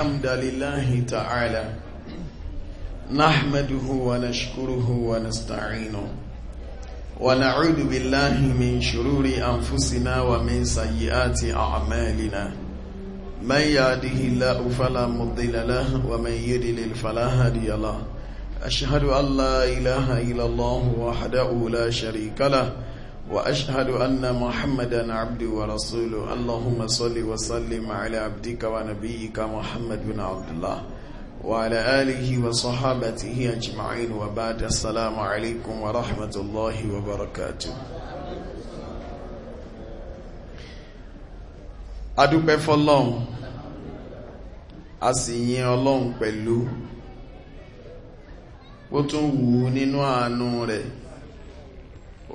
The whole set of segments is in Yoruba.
الحمد لله تعالى نحمده ونشكره ونستعينه ونعوذ بالله من شرور أنفسنا ومن سيئات أعمالنا من يهده الله فلا مضل له ومن يضلل فلا هادي له أشهد أن لا إله إلا الله وحده لا شريك له وأشهد أن محمدا عبده ورسوله اللهم صل وسلم على عبدك ونبيك محمد بن عبد الله وعلى آله وصحابته أجمعين وبعد السلام عليكم ورحمة الله وبركاته adúpẹ́ fọ́lọ́run a sì pẹ̀lú ó tún wù ú nínú àánú rẹ̀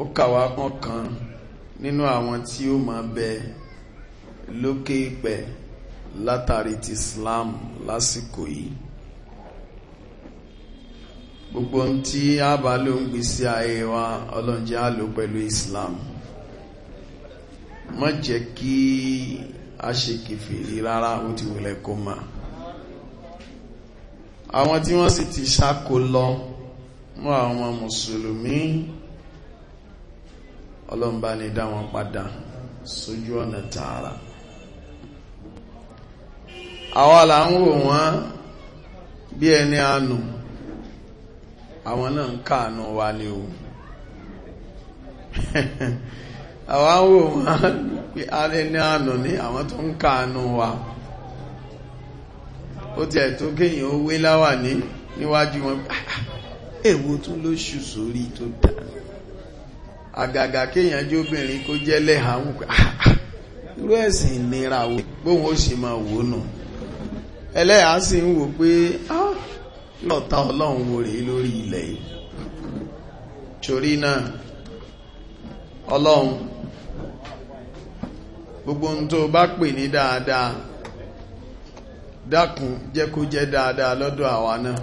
ó kàwá pọ́n kan nínú àwọn tí ó máa bẹ lókè ìpẹ̀ látàrí ti Islam lásìkò yìí gbogbo ohun tí a bá ló ń gbé sí ayé wa ọlọ́njẹ́ á pẹ̀lú Islam má jẹ́ kí a ṣe kìfìrí rárá ó ti wùlẹ̀ kó máa àwọn tí wọ́n sì ti ṣáko lọ mọ́ àwọn mùsùlùmí ọlọ́run bá ní dá wọn padà sójú ọ̀nà tààrà àwa là ń wò wọ́n bí ẹni àánú àwọn náà ń káànú wa ni o àwa ń wò wọ́n bí ẹni àánú ní àwọn tó ń káànú wa ó tiẹ̀ tó kéèyàn ó wé láwà ní níwájú wọn ah, ah, ah, èwo tún ló ṣù sórí tó dáa àgàgà kéèyàn jó obìnrin kó jẹ́ lẹ́hàáwù ah, ah, irú ẹ̀sìn ìnira wo bóun ó ṣe máa wò nù ẹlẹ́yà sì ń wò pé ah, lọ́ta ọlọ́run wò rèé lórí ilẹ̀ yìí torí náà ọlọ́run gbogbo ohun tó bá pè ní dáadáa dákun jẹ́ kó jẹ́ dáadáa lọ́dọ̀ àwa náà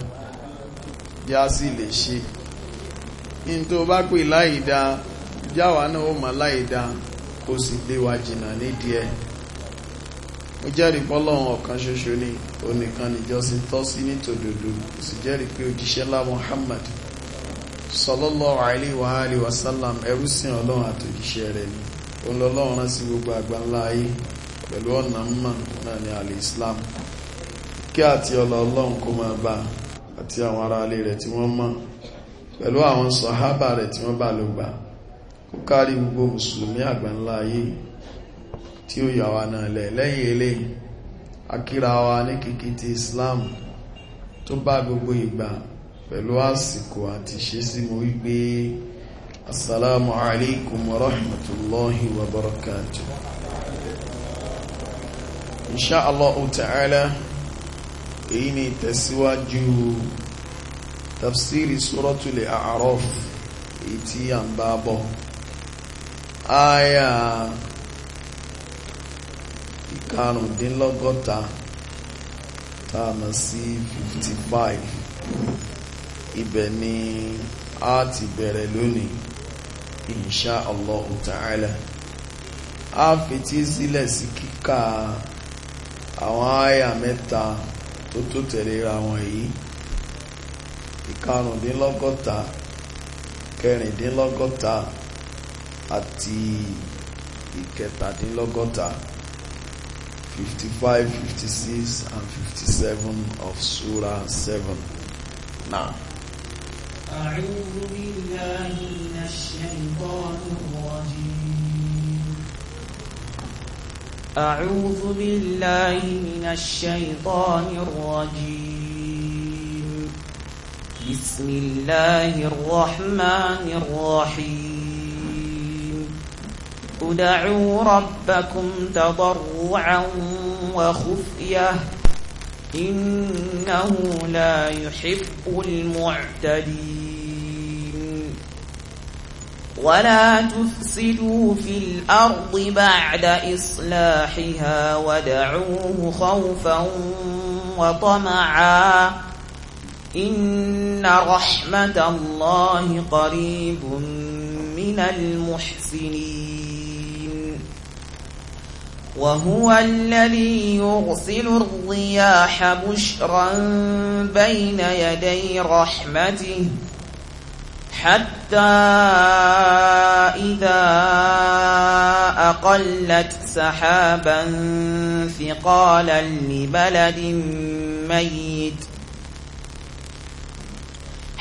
já sí lè ṣe ní tó bá pè láìdáa jáwa náà ó mọ̀ láìda kó sì lé wa jìnnà nídìí ẹ̀ mo jẹ́rìí pọ́lọ́run ọ̀kan ṣoṣo ni onìkan níjọ́sìn tọ́ sí nítòdodo mo sì jẹ́rìí pé òjíṣẹ́ lá Muhammad sallallahu alaihi wa alihi wa sallam ẹrú sí ọlọ́run àtòjíṣẹ́ rẹ̀ ni òun lọ́lọ́run rán sí gbogbo àgbáńlá ayé pẹ̀lú ọ̀nà mọ̀ náà ni alẹ́ Islam kí àti ọlọ ọlọ́run kó máa bá àti àwọn ará alẹ́ rẹ̀ tí wọ́n mọ̀ pẹ̀lú àwọn sọ̀hábà rẹ̀ tí wọ́n bá lọ gbà ó kárí gbogbo mùsùlùmí àgbànlá ayé tí ó yà wá náà lẹ̀ lẹ́yìn ilé akíra wa ní kìkì ti Islam tó bá gbogbo ìgbà pẹ̀lú àsìkò àti ṣe sí mo wípé assalamu alaikum wa rahmatullahi insha Allah ta'ala èyí ni tẹ̀síwájú tafsiri suratul A'raf èyí tí a ń bá bọ̀ Aya uh, ìkarùndínlọ́gọ́ta tá a mọ̀ sí fifty five ibẹ̀ ni a ti bẹ̀rẹ̀ lónìí insha allah ta'ala a fetí sílẹ̀ sí kíkà àwọn àyà mẹ́ta tó tó tẹ̀léra wọn yìí ìkarùndínlọ́gọ́ta kẹrìndínlọ́gọ́ta àti ìkẹtàdínlọ́gọ́ta fifty five fifty six and fifty seven of sura seven now. أعوذ بالله من الشيطان الرجيم أعوذ بالله من الشيطان الرجيم بسم الله الرحمن الرحيم ادعوا ربكم تضرعا وخفية إنه لا يحب المعتدين ولا تفسدوا في الأرض بعد إصلاحها ودعوه خوفا وطمعا إن رحمة الله قريب من المحسنين وهو الذي يرسل الرياح بشرا بين يدي رحمته حتى إذا أقلت سحابا ثقالا لبلد ميت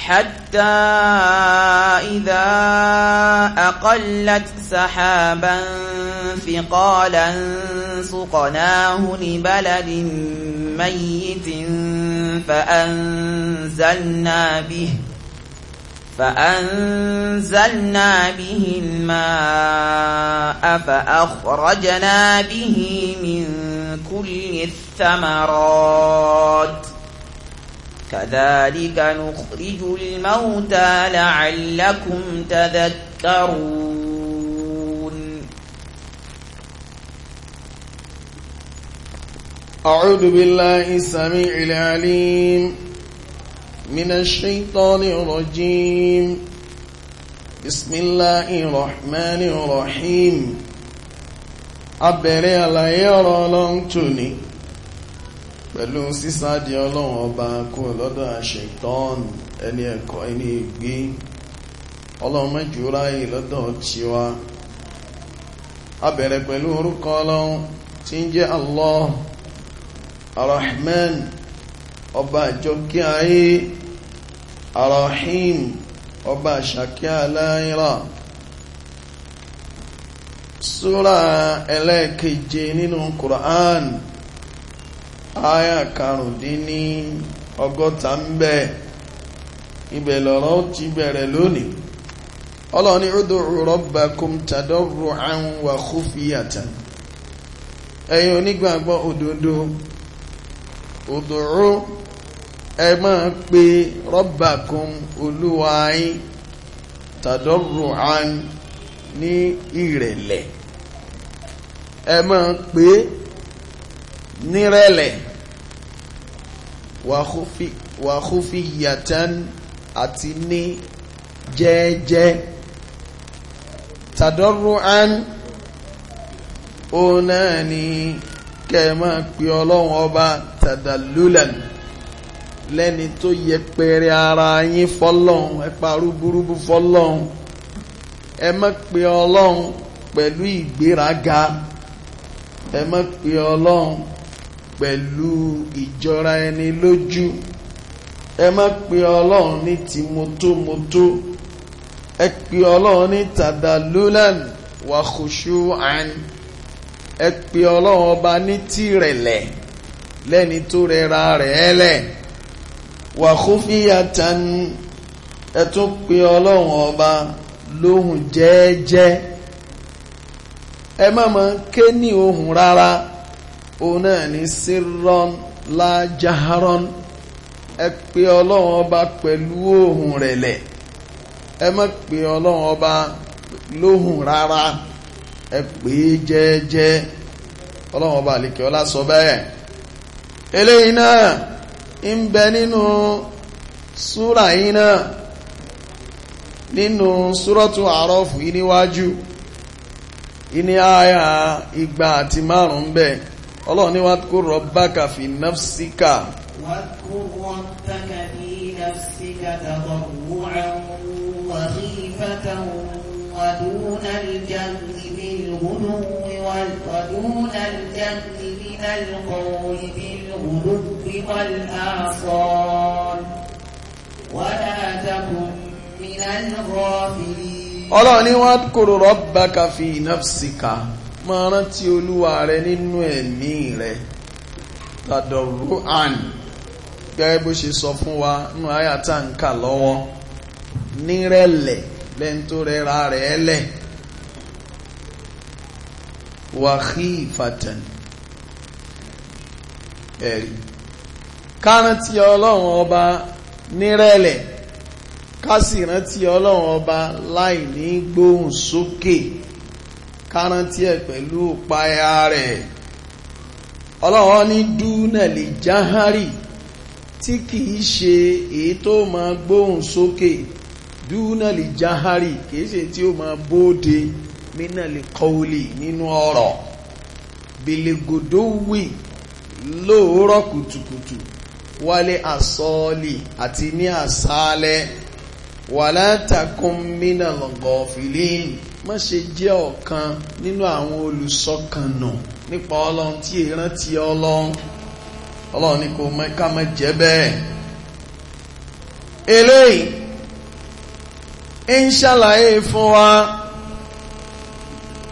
حتى إذا أقلت سحابا ثقالا سقناه لبلد ميت فأنزلنا به فأنزلنا به الماء فأخرجنا به من كل الثمرات كذلك نخرج الموتى لعلكم تذكرون أعوذ بالله السميع العليم من الشيطان الرجيم بسم الله الرحمن الرحيم أبرئ لا يرى لن pẹ̀lú sísáàdì ọlọ́run ọba kó lọ́dọ̀ àṣetán ẹni ẹ̀kọ́ ẹni ìgbé ọlọ́run mẹ́jọ ráyè lọ́dọ̀ tiwa a bẹ̀rẹ̀ pẹ̀lú orúkọ ọlọ́run tí ń jẹ́ Allah arahman ọba àjọkí ayé arahim ọba àṣàkí aláìrà súra ẹlẹ́ẹ̀keje aya karùndínní ọgọ́ta ń bẹ ibẹ̀ lọ́rọ̀ ti bẹ̀rẹ̀ lónìí ọlọ́ni ud'u rabbakum tadarru'an wa khufiyatan ẹ̀yin onígbàgbọ́ òdodo ud'u ẹ máa pe rabbakum olúwa yín tadarru'an ní ìrẹ̀lẹ̀ ẹ máa pe nírẹ̀lẹ̀ wàhúfìyàtán àti ní jẹ́ẹ́jẹ́ tàdọ́rùn-án ó náà ni kẹ́ẹ̀má pé ọlọ́run ọba tàdàlúlẹ̀n lẹ́ni tó yẹpẹrẹ ara yín fọ́lọ́run ẹ parú burúkú fọ́lọ́run ẹ má pé ọlọ́run pẹ̀lú ìgbéraga ẹ má pé ọlọ́run pẹ̀lú ìjọra ẹni lójú ẹ má pe ọlọ́run ní ti mọ́tómọ́tó ẹ pe ọlọ́run ní tàdálólàn wà kòṣó àn ẹ pe ọlọ́run ọba ní tìrẹ̀lẹ̀ lẹ́ni tó rẹra rẹ̀ lẹ̀ wà ẹ tún pe ọlọ́run ọba lóhùn jẹ́ẹ́jẹ́ ẹ má máa ké ní ohùn rárá. òun náà ní sírọ́n lájáhárọ́n ẹ pé ọlọ́run ọba pẹ̀lú ohùn ẹ má pé ọlọ́run ọba lóhùn rárá ẹ pé jẹ́ẹ́jẹ́ ọba àlekè ọlá sọ bẹ́ẹ̀ eléyìí náà ń bẹ nínú súrà yìí náà nínú yìí níwájú àyà igba àti márùn ọlọ́run ní wá kó rọ̀bákà fi nafsika ودون الجهل بالغلو ودون الجهل من القول بالغلو والآصال ولا تكن من الغافلين ọlọ́run ní wá kó rọ̀bákà fi nafsika máa rántí olúwa rẹ nínú ẹ̀mí rẹ tàdọ̀rú àn gẹ́gẹ́ bó ṣe sọ fún wa nínú àyàtà ń kà lọ́wọ́ nírẹ̀lẹ̀ lẹ́n tó rẹra rẹ̀ lẹ̀ wàhí ìfàtàn ẹ̀rí kárántí ọlọ́run ọba nírẹ̀lẹ̀ ká sì rántí ọlọ́run ọba láì ní gbóhùn sókè kárántí ẹ̀ pẹ̀lú ìpayà rẹ̀ ọlọ́wọ́ ní dúnà lè jáhárì tí kìí ṣe èyí tó máa gbóhùn sókè dúnà lè jáhárì kìí ṣe tí ó máa bóde mínà lè kọ́wùlì nínú ọ̀rọ̀ bìlẹ̀gòdówì lóòrọ̀ kùtùkùtù wálé àsọ́ọ̀lì àti ní àsálẹ̀ wàlátàkùn mínà lọ́gọ́fìlíìnì má ṣe jẹ́ ọ̀kan nínú àwọn olùsọkànnà nípa ọlọ́run tí èran ti ọlọ́run ọlọ́run ni kò mọ ká má jẹ́ bẹ́ẹ̀ eléyìí ń ṣàlàyé fún wa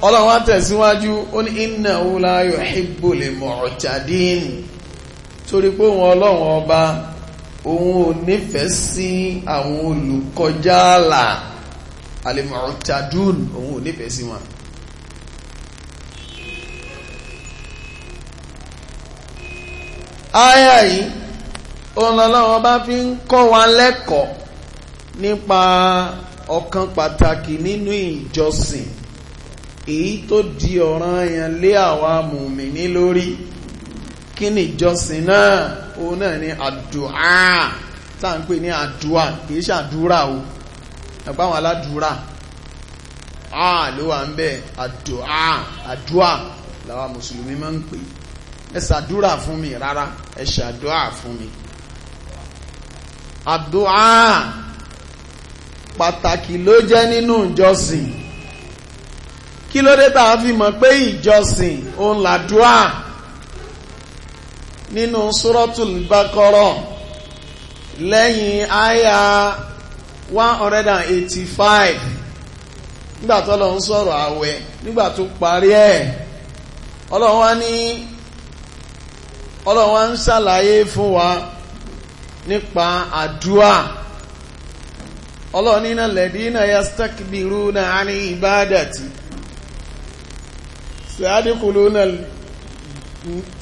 ọlọ́run wá tẹ̀síwájú ó ní innahu la yuhibbul mu'tadin torí pé òun ọlọ́run ọba òun ò nífẹ̀ẹ́ sí àwọn olùkọjá ààlà alimọ̀tàdún òun ò nífẹ̀ẹ́ sí wọn àyà yìí ọlọ́lọ́wọ́ bá fi ń kọ́ wa lẹ́kọ̀ọ́ nípa ọ̀kan pàtàkì nínú ìjọsìn èyí tó di ọ̀ranyàn lé àwa mùmìnì lórí kí ni ìjọsìn náà òun náà ni àdúà tá ń pè ní àdúà kì ṣàdúrà o ẹ̀pá àwọn aládùúrà áà ló wà ń bẹ̀ àdúà àdúà làwa mùsùlùmí máa ń pè ẹ ṣàdúrà fún mi rárá ẹ ṣàdúà fún mi àdúà pàtàkì ló jẹ́ nínú ìjọsìn kí ló dé tá a fi mọ̀ pé ìjọsìn òun làdúà nínú suratul Baqara àyà one hundred and eighty five nígbà tó lọ ń sọ̀rọ̀ àwẹ̀ nígbà tó parí ẹ̀ ọlọ́run wá ní ọlọ́run wá ń ṣàlàyé fún wa nípa àdúà ọlọ́run nínà lẹ́dínà yastakbiruna àní ìbádàtì sayadikuluna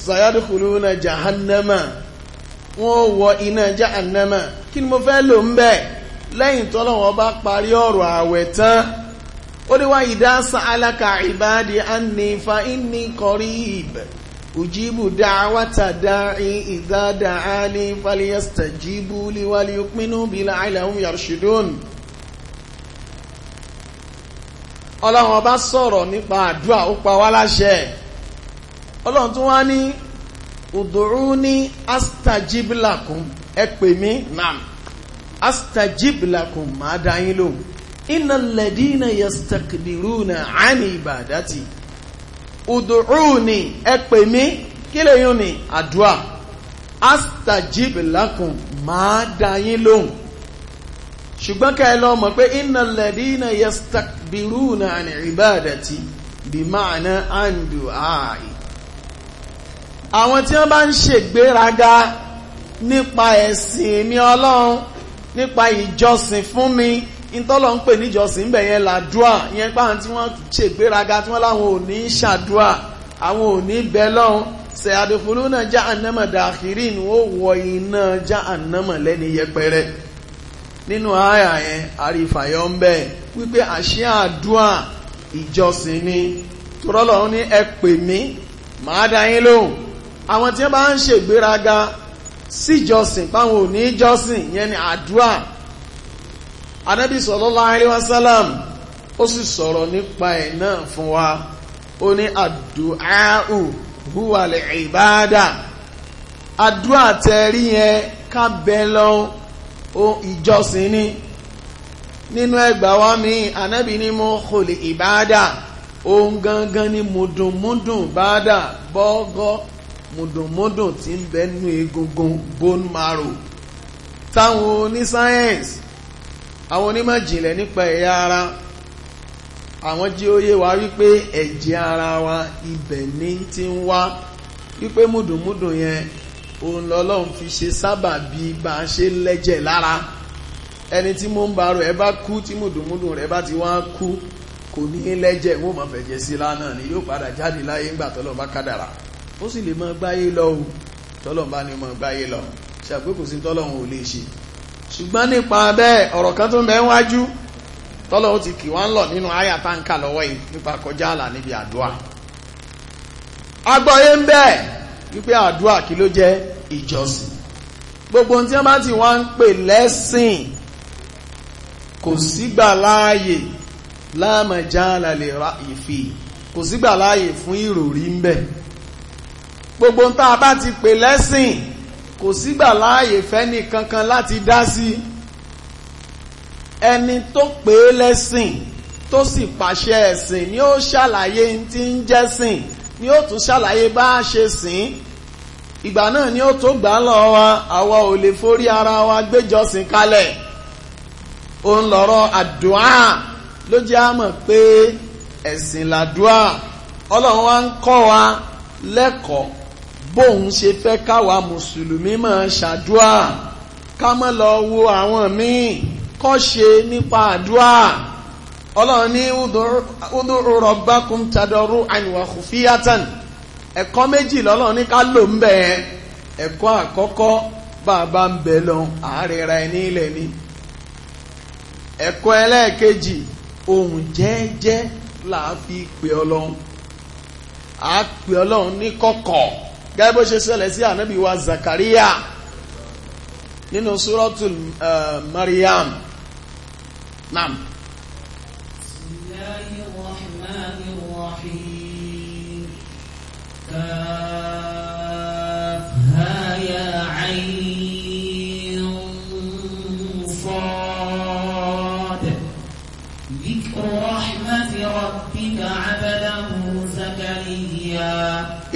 sayadikuluna jahannama wọ́n wọ iná jahannama kí ni mo fẹ́ lò ń bẹ́ẹ̀ lẹ́yìn tọ́lọ́wọ́ bá parí ọ̀rọ̀ ààwẹ̀ tán ó ní wá ìdá sàálàkà ìbáàdì àní fa ìní kọrí ìbẹ̀ òjìbù dáwàtà dáì ìdádà áni fàlíyàstà jíbù líwálí pínú bí láìláhùn yàrṣìdón ọlọ́run bá sọ̀rọ̀ nípa àdúrà ó pa wá láṣẹ ọlọ́run tún wá ní ùdùrú ní astajiblakum ẹ pè mí náà astajib lakum máa dá yín lóhùn innal ladina yastakbiruna ani ibadati ud'uni ẹ pè mí kí lè yún ni àdúrà astajib lakum máa dá yín lóhùn ṣùgbọ́n ká ẹ lọ mọ̀ pé innal ladina yastakbiruna ani ibadati bí máa ná àǹdù àwọn tí wọ́n bá ń ṣègbéraga nípa ẹ̀sìn mi ọlọ́run nípa ìjọsìn fún mi ìtọ́lọ̀ ń pè níjọsìn ń bẹ̀ yẹn làdúà ìyẹn páhàn tí wọ́n ṣègbéraga tí wọ́n láwọn ò ní ṣàdúà àwọn ò ní bẹ lọ́hùn ṣe àdìfúlú náà já ànámọ̀ dàkírí ni ó wọ iná já ànámọ̀ lẹ́ni yẹpẹrẹ nínú àyà yẹn àrífàyọ́ ń bẹ̀ wípé àṣẹ àdúà ìjọsìn ni torọ́lọ́ ní ẹ pè mí màá dá yín lóhùn àwọn tí wọ́n bá ń ṣègbéraga síjọsìn báwọn ò ní jọ́sìn yẹn ni àdúrà anábì sallallahu alaihi wasallam ó sì sọ̀rọ̀ nípa ẹ̀ náà fún wa ó ní àdúáù húwàlẹ̀ ìbáadà àdúrà tẹ̀rí yẹn ká bẹ lọ ìjọsìn ni nínú ẹgbà wa mi anábì ní mo kòlì ìbáadà ohun gangan ni mùdùnmùdùn báadà bọ́gọ́ mùdùnmúdùn tí ń bẹ nínú egungun bone marrow táwọn onísáyẹ́ǹsì àwọn onímọ̀ jìnlẹ̀ nípa ẹ̀yà ara àwọn jí ó wa wípé ẹ̀jẹ̀ ara wa ibẹ̀ ní ti ń wá wípé mùdùnmúdùn yẹn òun lọ́lọ́run fi ṣe sábàbí bá a ṣe lẹ́jẹ̀ lára ẹni tí mo ń ba rẹ̀ bá kú tí mùdùnmúdùn rẹ̀ bá ti wá kú kò ní lẹ́jẹ̀ wọ́n máa fẹ̀jẹ̀ sí lánàá ni yóò padà jáde láyé ńgbà tọ́lọ́ bá kádàrà ó sì lè máa gbáyé lọ o tọ́lọ́run bá ní máa gbáyé lọ ṣàpé kò sí tọ́lọ́run ò lè ṣe ṣùgbọ́n nípa bẹ́ẹ̀ ọ̀rọ̀ kan tó ń bẹ wájú tọ́lọ́run ti kì wá ń lọ nínú àyà tá ń kà lọ́wọ́ yìí nípa kọjá àlà níbi àdúrà agbọ́yé ń bẹ́ẹ̀ wípé àdúrà kí ló jẹ́ ìjọsìn gbogbo tí wọ́n bá ti wá ń pè lẹ́sìn kò sígbà láàyè láàmàjá àlàlè ìfì kò sígbà láàyè fún ìròrí ń bẹ́ẹ̀ gbogbo ń tá a bá ti pè lẹ́sìn kò sígbà láàyè fẹ́ni kankan láti dá sí ẹni tó pè é lẹ́sìn tó sì pàṣẹ ẹ̀sìn ni ó ṣàlàyé tí ń jẹ́sìn ni ó tún ṣàlàyé bá a ṣe sìn ìgbà náà ni ó tó gbà lọ wa àwa ò lè forí ara wa gbéjọsìn kalẹ̀ òun lọ̀rọ̀ àdúà ló jẹ́ a pé ẹ̀sìn làdúà ọlọ́run wa ń kọ́ wa lẹ́kọ̀ọ́ bóun ṣe fẹ́ káwa mùsùlùmí máa ṣàdúà ká má lọ wo àwọn míì kọ́ ṣe nípa àdúà ọlọ́run ní ud'u rabbakum tadarru'an wa khufiyatan ẹ̀kọ́ méjì lọ́lọ́run ní ká lò ń bẹ̀ ẹ́ ẹ̀kọ́ àkọ́kọ́ bàbá ń bẹ̀ lọ àárẹ̀ ra ẹni ilẹ̀ ni ẹ̀kọ́ ẹlẹ́ẹ̀kejì ohùn jẹ́ẹ́jẹ́ làá fi pè ọlọ́run àá pè ọlọ́run ní kọ̀kọ̀ gẹ́gẹ́ bó ṣe ṣẹlẹ̀ sí ànábì wa Zakaria nínú súrọ́tù eh, Maryam nam. ذكر رحمة ربك عبده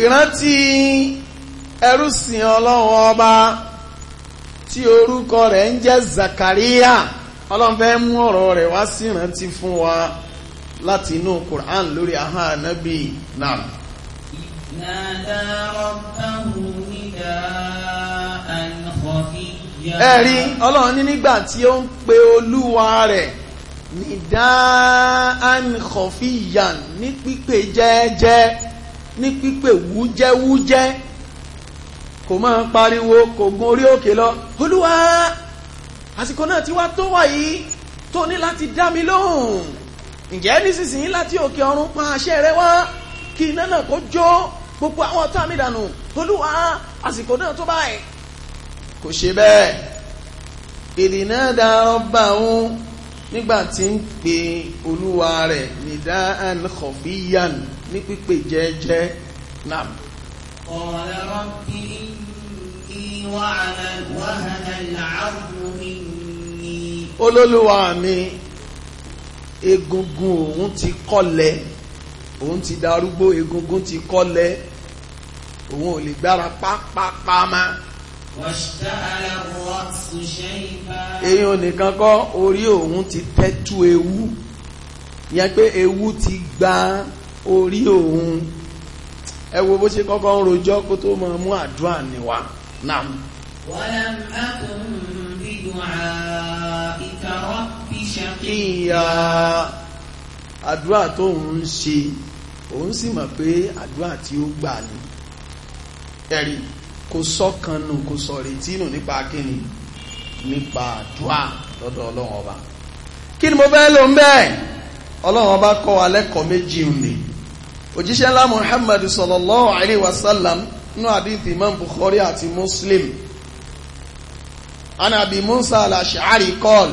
ìrántí ẹrúsìn ọlọ́run ọba tí orúkọ rẹ̀ ń jẹ́ Zakariya ọlọ́run fẹ́ mú ọ̀rọ̀ rẹ̀ wá sí ìrántí fún wa láti inú Quran lórí ahọ́n ànábì náà. ẹ̀rí ọlọ́run ní nígbà nìdáàn kọfíyàn ní pípè jẹ́ẹ́jẹ́ ní pípè wújẹ́wújẹ́ kò máa pariwo kò gun orí òkè lọ olúwa àsìkò náà ti wá tó wà yìí tó ní láti dá mi lóhùn ǹjẹ́ nísinsìnyí láti òkè ọ̀run pa àṣẹ rẹ wá kí iná náà kó jó gbogbo àwọn ọ̀tá mi dànù olúwa àsìkò náà tó báyìí kò ṣe bẹ́ẹ̀ ìdìnnà dá ọba òun nígbàtí ń pe olúwa rẹ̀ nìdá an kọ̀bíyàn ní pípè jẹ́jẹ́ náà. ọ̀rẹ́ rọ́bì ní wàhánà wàhánà làárù mi ni. olólùwà mi egungun òun ti kọ́lẹ̀ òun ti darúgbó egungun ti kọ́lẹ̀ òun ò lè gbára pápápá máa èèyàn nìkan kọ́ orí òun ti tẹ́tú ewu yẹn pé ewu ti gba orí òun ẹ wo bó ṣe kọ́kọ́ ń rojọ́ kó tó máa mú àdúrà níwá náà. wọ́n á kún bí dùn àìkà wọ́n bí ṣàkíyà àdúrà tó ń ṣe òun sì mọ̀ pé àdúrà tí ó gbà ní ẹ̀rí kò sọ́kànnù kò sọ̀rètí nù nípa kíni nípa àdúà lọ́dọ̀ ọlọ́run ọba kí ni mo fẹ́ lò ń bẹ́ẹ̀ ọlọ́run ọba kọ́ wa lẹ́kọ̀ọ́ méjì òní òjíṣẹ́ ńlá muhammadu sallallahu alaihi wasallam nínú àdìtì imam bukhari àti muslim ana abi musa al-ash'ari qal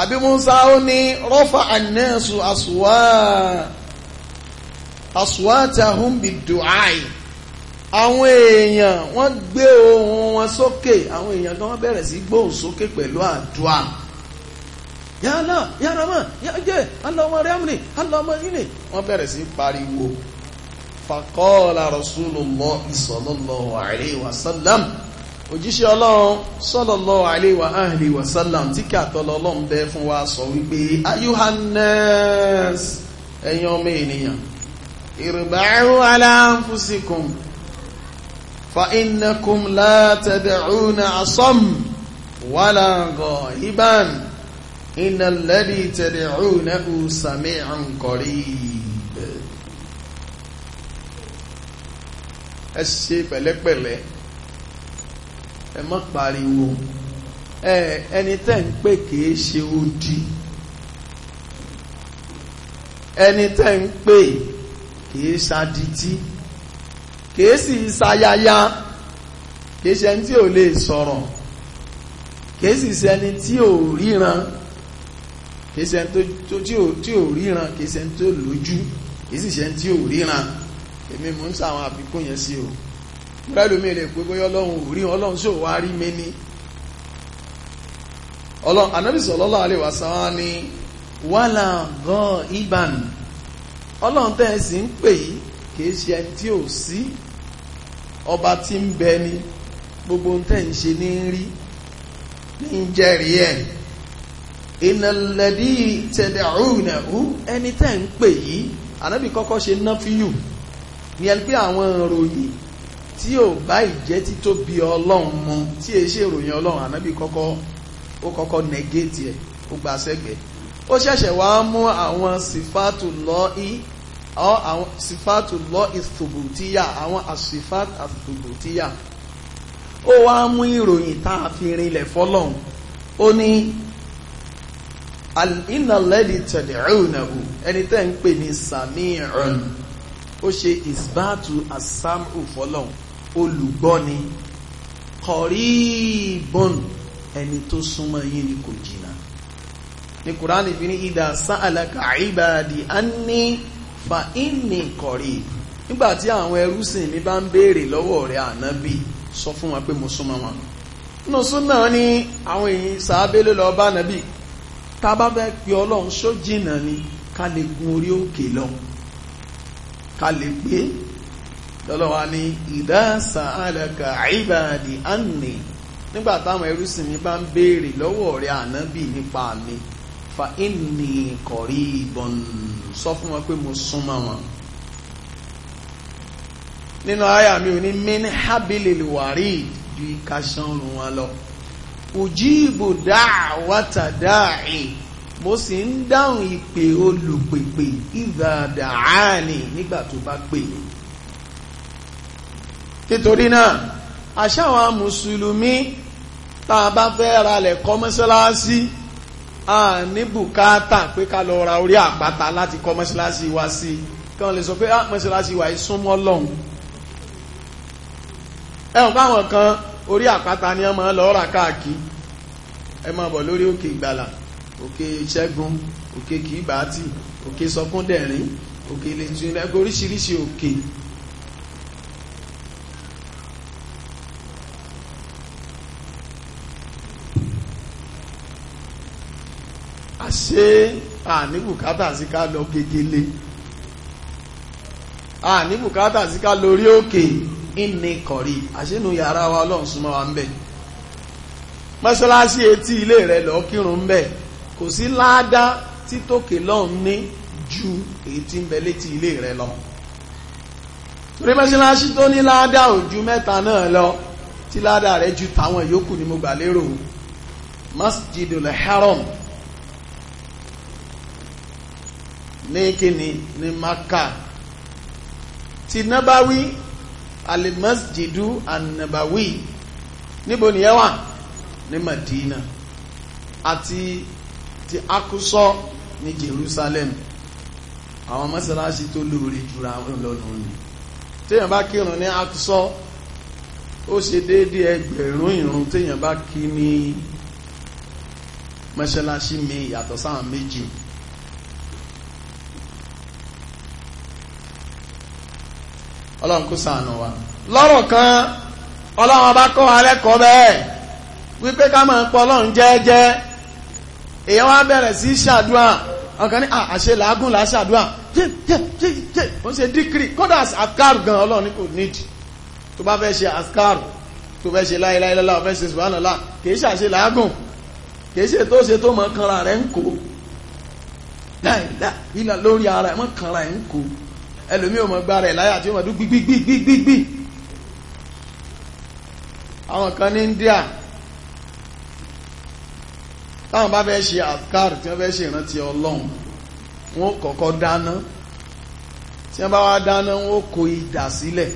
abi musa ó ní rọ́fà an-nasu aswatahum bid-du'ai àwọn èèyàn wọ́n gbé ohun wọn sókè àwọn èèyàn kan wọ́n bẹ̀rẹ̀ sí gbóhùn sókè pẹ̀lú àdúrà yálà yàrámà yàjẹ alọmọ rẹmìnì alọmọ yìí wọ́n bẹ̀rẹ̀ sí pariwo fàkọọlà rasulullah sallallahu alaihi wasallam òjíṣẹ́ ọlọ́run sallallahu alaihi wa ahli wasallam tí kí àtọ́lọ́ ọlọ́run bẹ fún wa sọ wípé ayuhannes ẹ̀yin ọmọ ènìyàn irba'u ala anfusikum فإنكم لا تدعون عصم ولا غائبا إن الذي تدعونه سميع قريب ẹ ṣe pẹ̀lẹ́pẹ̀lẹ́ ẹ má pariwo ẹ ẹni tẹ́ ń pè kìí ṣe odi ẹni tẹ́ ń pè kìí ṣadití kìí sì ṣayaya kìí ṣe ẹni tí ò lè sọ̀rọ̀ kìí sì ṣe ẹni tí ò ríran kìí ṣe ẹni tí ò ríran kìí ṣe ẹni tó lójú kìí sì ṣe ẹni tí ò ríran èmi mò ń ṣàwọn àfikún yẹn sí o pẹ́lúmí rẹ̀ pé bóyá ọlọ́run ò rí ọlọ́run ṣò wá rí mi ní Ànábì sallallahu alaihi wasallam ní wàlà gan iban ọlọ́run tẹ́ẹ̀ sí ń pè yí kìí ṣe ẹni tí ò sí ọba tí ń bẹ ni gbogbo ń tẹ̀ ń ṣe ní rí ní jẹ́rìí ẹ̀ ìnàlẹ́dí tẹ̀dẹ̀rúnẹ̀hú ẹni tẹ́ ń pè yìí ànábì kọ́kọ́ ṣe ná fíyù ní ẹni pé àwọn ìròyìn tí ò bá ìjẹ́ títóbi ọlọ́run mu tí è ṣe ìròyìn ọlọ́run ànábì kọ́kọ́ ó kọ́kọ́ nẹgẹ́tì ẹ̀ ó gba sẹ́gbẹ̀ẹ́ ó ṣẹ̀ṣẹ̀ wá mú àwọn sífàtù lọ́ọ́ ọ àwọn sifatu lọ ìtòbòtíyà àwọn asifat àtòbòtíyà ó wá mú ìròyìn tá a fi rinlẹ̀ fọ́lọ́hun ó ní ìnàlẹ́dì tẹ̀lẹ̀ ẹ̀rùnàwò ẹni tẹ́ ń pè ní sami'un ó ṣe ìsbátu asámù fọ́lọ́hun olùgbọ́ni kọ̀ríbọ̀n ẹni tó súnmọ́ yín ni kò jìnnà ní kùránì fi ní ìdá sáàlà kàíbàdì á ní fa inni kọ̀rí nígbàtí àwọn ẹrúsìn mi bá ń béèrè lọ́wọ́ rẹ̀ ànábì sọ fún wọn pé mo súnmọ́ wọn nínú súnà ní àwọn èyí sàábé ló lọ bá ànábì tá a bá fẹ́ pe ọlọ́run só jìnà ni ká lè gun orí òkè lọ ká lè pé lọ́lọ́wà ní ìdá sàálàkà ìbàdí ànì nígbà táwọn ẹrúsìn mi bá ń béèrè lọ́wọ́ rẹ̀ ànábì nípa mi fa inni qaribun sọ fún wọn pé mo súnmọ́ wọn nínú àyà mi ò ní min habilil warid ju ika ṣanrun wọn lọ ujibu da'wata da'i mo sì ń dáhùn ìpè olùpèpè idha da'ani nígbà tó bá pè mí nítorí náà àṣà àwọn mùsùlùmí tá a bá fẹ́ ralẹ̀ kọ́ mọ́sálásí a ní bùkátà pé ká lọ ra orí àpáta láti kọ́ mọ́ṣíláṣí wa sí kán lè sọ pé á ah, mọ́ṣíláṣí wa ìsúnmọ́ lọ́hùn ẹ̀hùn báwọn kan orí àpáta ni ọmọ lọ rà káàkiri ẹ máa bọ̀ lórí òkè ìgbàlà òkè ìṣẹ́gun òkè kìíbàátì òkè sọkúndẹ̀rín òkè lè ẹgbẹ́ oríṣiríṣi òkè àṣé àní bùkátà sí ká lọ gegele àní bùkátà sí ká lórí òkè ìní kọ̀rí àṣínú yàrá wa ọlọ́run súnmọ́ wa ń bẹ̀ mọ́ṣáláṣí etí ilé rẹ̀ lọ kírun ń bẹ̀ kò sí láádá títókè lọ́hùn ní ju èyí tí ń bẹ létí ilé rẹ̀ lọ torí mọ́ṣáláṣí tó ní láádá ò ju mẹ́ta náà lọ tí láádá rẹ̀ ju tàwọn yòókù ni mo gbà lérò masjidul haram ní kíni ní maka ti nabawi alimasjidu anabawi níbo ni ẹ wà ní madina àti ti akusọ ní jerusalem àwọn mọ́sálásí tó lóore jura lọ́nà ni téèyàn bá kírun ní akusọ ó ṣe déédéé ẹgbẹ̀rún ìrun téèyàn bá kí ní mọ́sálásí mi yàtọ̀ sáwọn méjì. ọlọ́run kó ṣàánú wa lọ́rọ̀ kan ọlọ́run ọba kọ́ wa lẹ́kọ̀ọ́ bẹ́ẹ̀ wípé ká máa pọ̀ ọlọ́run jẹ́ẹ́jẹ́ èèyàn wá bẹ̀rẹ̀ sí ṣàdúrà ọkàn ní àṣẹ làágùn là ṣàdúrà jẹ́jẹ́jẹ́jẹ́ ó ṣe díkìrì kódà àkàrù gan ọlọ́run kò nídìí tó bá fẹ́ ṣe àkàrù tó fẹ́ ṣe láìláìlá ọ̀fẹ́ ṣe ṣùgbọ́nàlá kìí ṣàṣe làágùn kìí ṣe tó ṣe tó mọ̀ kanra rẹ̀ ń kó láìláìlá lórí ara ẹ̀ mọ̀ kanra ẹ̀ ń kó ẹlòmí ò mọ̀ gbá rẹ̀ láyà tí ó mọ̀ dún gbígbígbígbígbí àwọn kan ní India táwọn bá fẹ́ ṣe àkàrù tí wọ́n fẹ́ ṣe ìrántí Ọlọ́run wọ́n kọ́kọ́ dáná tí wọ́n bá wá dáná wọ́n kó idà sílẹ̀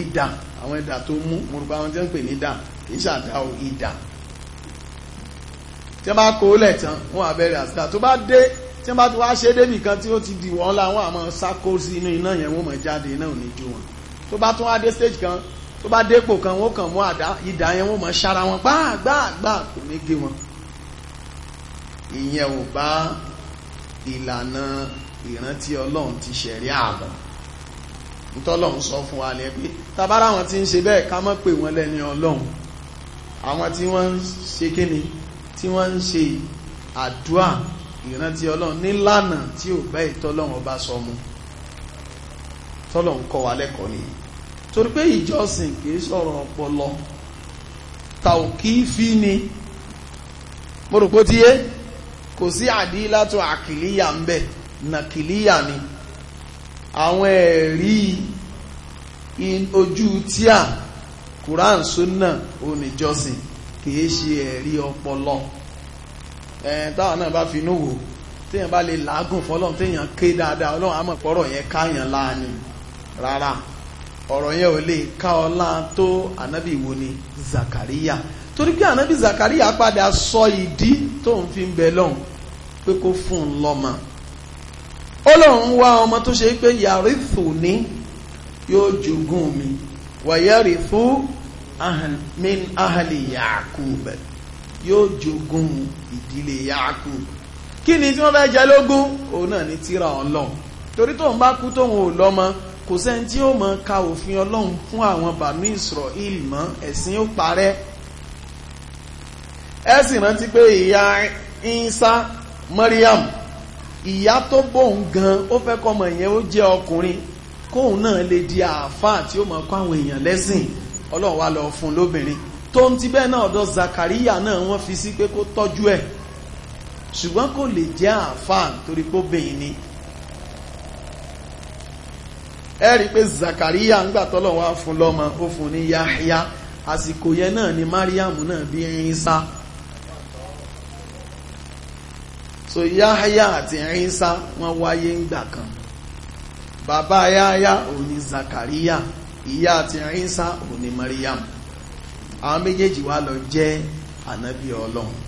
idà àwọn idà tó mú mùrùbá wọn tí wọ́n pè ní idà kì í ṣàdá o idà tí wọ́n bá kó lẹ̀ tán wọ́n á bẹ̀rẹ̀ àsìkò tó bá dé tí wọ́n bá ti wá ṣe débì kan tí ó ti dìwọ́ láwọn àmọ́ sákó sí inú iná yẹn wọ́n mọ̀ jáde iná ò ní jó wọn tó bá tún wá dé stage kan tó bá dépò kan wọ́n kàn mú ìdá yẹn wọ́n mọ̀ ṣara wọn gbáàgbáàgbà kò ní gé wọn ìyẹn ò bá ìlànà ìrántí ọlọ́run ti ṣẹ̀rí àmọ́ nítọ́lọ́run sọ fún wa ní pé tabára àwọn tí ń ṣe bẹ́ẹ̀ ká mọ́ pè wọ́n lẹ́ni ọlọ́run àwọn tí wọ́n ń ṣe kíni tí wọ́n ń ṣe àdúà ìrántí ọlọ́run nílànà tí ò bẹ́ ìtọ́lọ́run ọba sọ mu tọ́lọ́run kọ́ wa lẹ́kọ̀ọ́ nìyí torí pé ìjọsìn kìí sọ̀rọ̀ ọpọlọ tàùkífì ni mo rò pé ó ti yé kò sí àdílátò àkìlíyà ń bẹ nàkìlíyà ni àwọn ẹ̀rí ojú tíà Quran sunna oníjọsìn kìí ṣe ẹ̀rí ọpọlọ. ẹ̀ẹ́n táwọn náà bá fi inú wò téèyàn bá lè làágùn fọlọ́run téèyàn ké dáadáa ọlọ́run àmọ́ pọ̀rọ̀ yẹn káyàn láàánú rárá ọ̀rọ̀ yẹn ò lè ká ọlá tó ànábì wo Zakariya torí pé ànábì Zakariya padà sọ ìdí tóun fi ń bẹ lọ́hùn pé kó fún un lọ́mọ wá ọmọ pé ni yóò jogún mi min ahàlì yóò jogún ìdílé Yakub kí ni tí wọ́n fẹ́ jẹ lógún òun náà ni tírà ọlọ́run torí tóun bá kú tóun ò lọ́mọ kò sẹ́ni tí ó mọ̀ ka òfin ọlọ́run fún àwọn bàmí Ísírẹ́lì mọ́ ẹ̀sìn ó parẹ́ ẹ sì rántí pé ìyá Ìsá Mariam ìyá tó bóun gan ó fẹ́ kọ́mọ yẹn ó jẹ́ ọkùnrin kóun náà lè di àáfàá tí ó mọ̀ kọ́ àwọn èèyàn lẹ́sìn ọlọ́run wá lọ fún lóbìnrin tó ń ti bẹ́ẹ̀ náà ọ̀dọ̀ Zakaria náà wọ́n fi sí pé kó tọ́jú ẹ̀ ṣùgbọ́n kò lè jẹ́ àáfàá torí pé obìnrin ni ẹ rí i pé Zakaria ńgbà tọ́lọ̀ wá fún lọ́mọ ó fún ní Yahya àsìkò yẹn náà ni Mariam náà bí Ìsá so Yahya àti Ìsá wọ́n wáyé ńgbà kan bàbá Yahya òní Zakaria ìyá àti Ìsá òní Mariam àwọn méjèèjì wá lọ jẹ́ ànábì ọlọ́run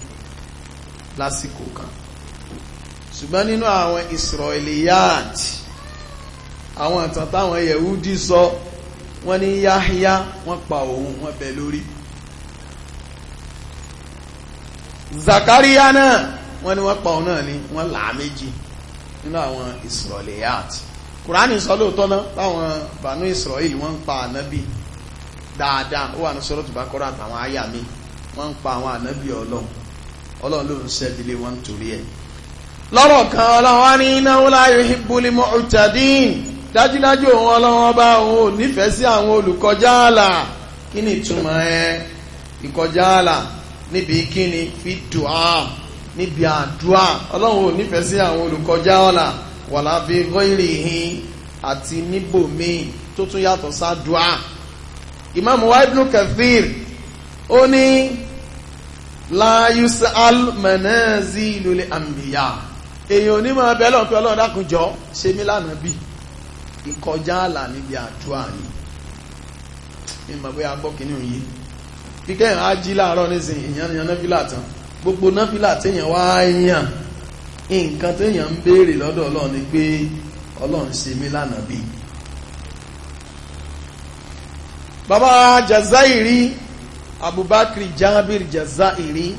lásìkò kan ṣùgbọ́n nínú àwọn Israeliyat àwọn ìtàn táwọn Yehudi sọ wọ́n ní Yahya wọ́n pa òun wọ́n bẹ̀ lórí Zakaria náà wọ́n ní wọ́n pa òun náà ní wọ́n là á méjì nínú àwọn Israeliyat Kùránì sọ lóòótọ́ náà táwọn bànú Israel wọ́n ń pa ànábì dáadáa ó wà ní sọ́rọ̀ tùbá kọ́rọ̀ àtàwọn àyà mi wọ́n ń pa àwọn ànábì ọlọ́run ọlọ́run ló ń sẹ́dílé wọn torí ẹ̀ lọ́rọ̀ kan ọlọ́run wá ní innahu la yuhibbul mu'tadin dájúdájú òun ọlọ́run ọba òun ò nífẹ̀ẹ́ sí àwọn olùkọjá ààlà kí ni ìtumọ̀ ẹ ìkọjá ààlà níbi kí ni fi dùá níbi àdúà ọlọ́run ò nífẹ̀ẹ́ sí àwọn olùkọjá ààlà wàlá fi àti níbòmíì tó tún yàtọ̀ sáà dùá imam ibn kathir ó ní la yus'al manazilul anbiya èèyàn onímọ̀ abẹ́ lọ́n pé ọlọ́run dákùnjọ́ ṣe mí lánàá bí ìkọjá àlà níbi àdúrà ni ìmọ̀ bóyá gbọ́ kìíní òye kíkẹ́ ìhàn ají láàárọ̀ nísìn èèyàn yan náfìlà tán gbogbo náfìlà téèyàn wá yàn nǹkan téèyàn ń béèrè lọ́dọ̀ ọlọ́run ni pé ọlọ́run ṣe mí lánàá bí bàbá jazairi abubakar jabir jazairi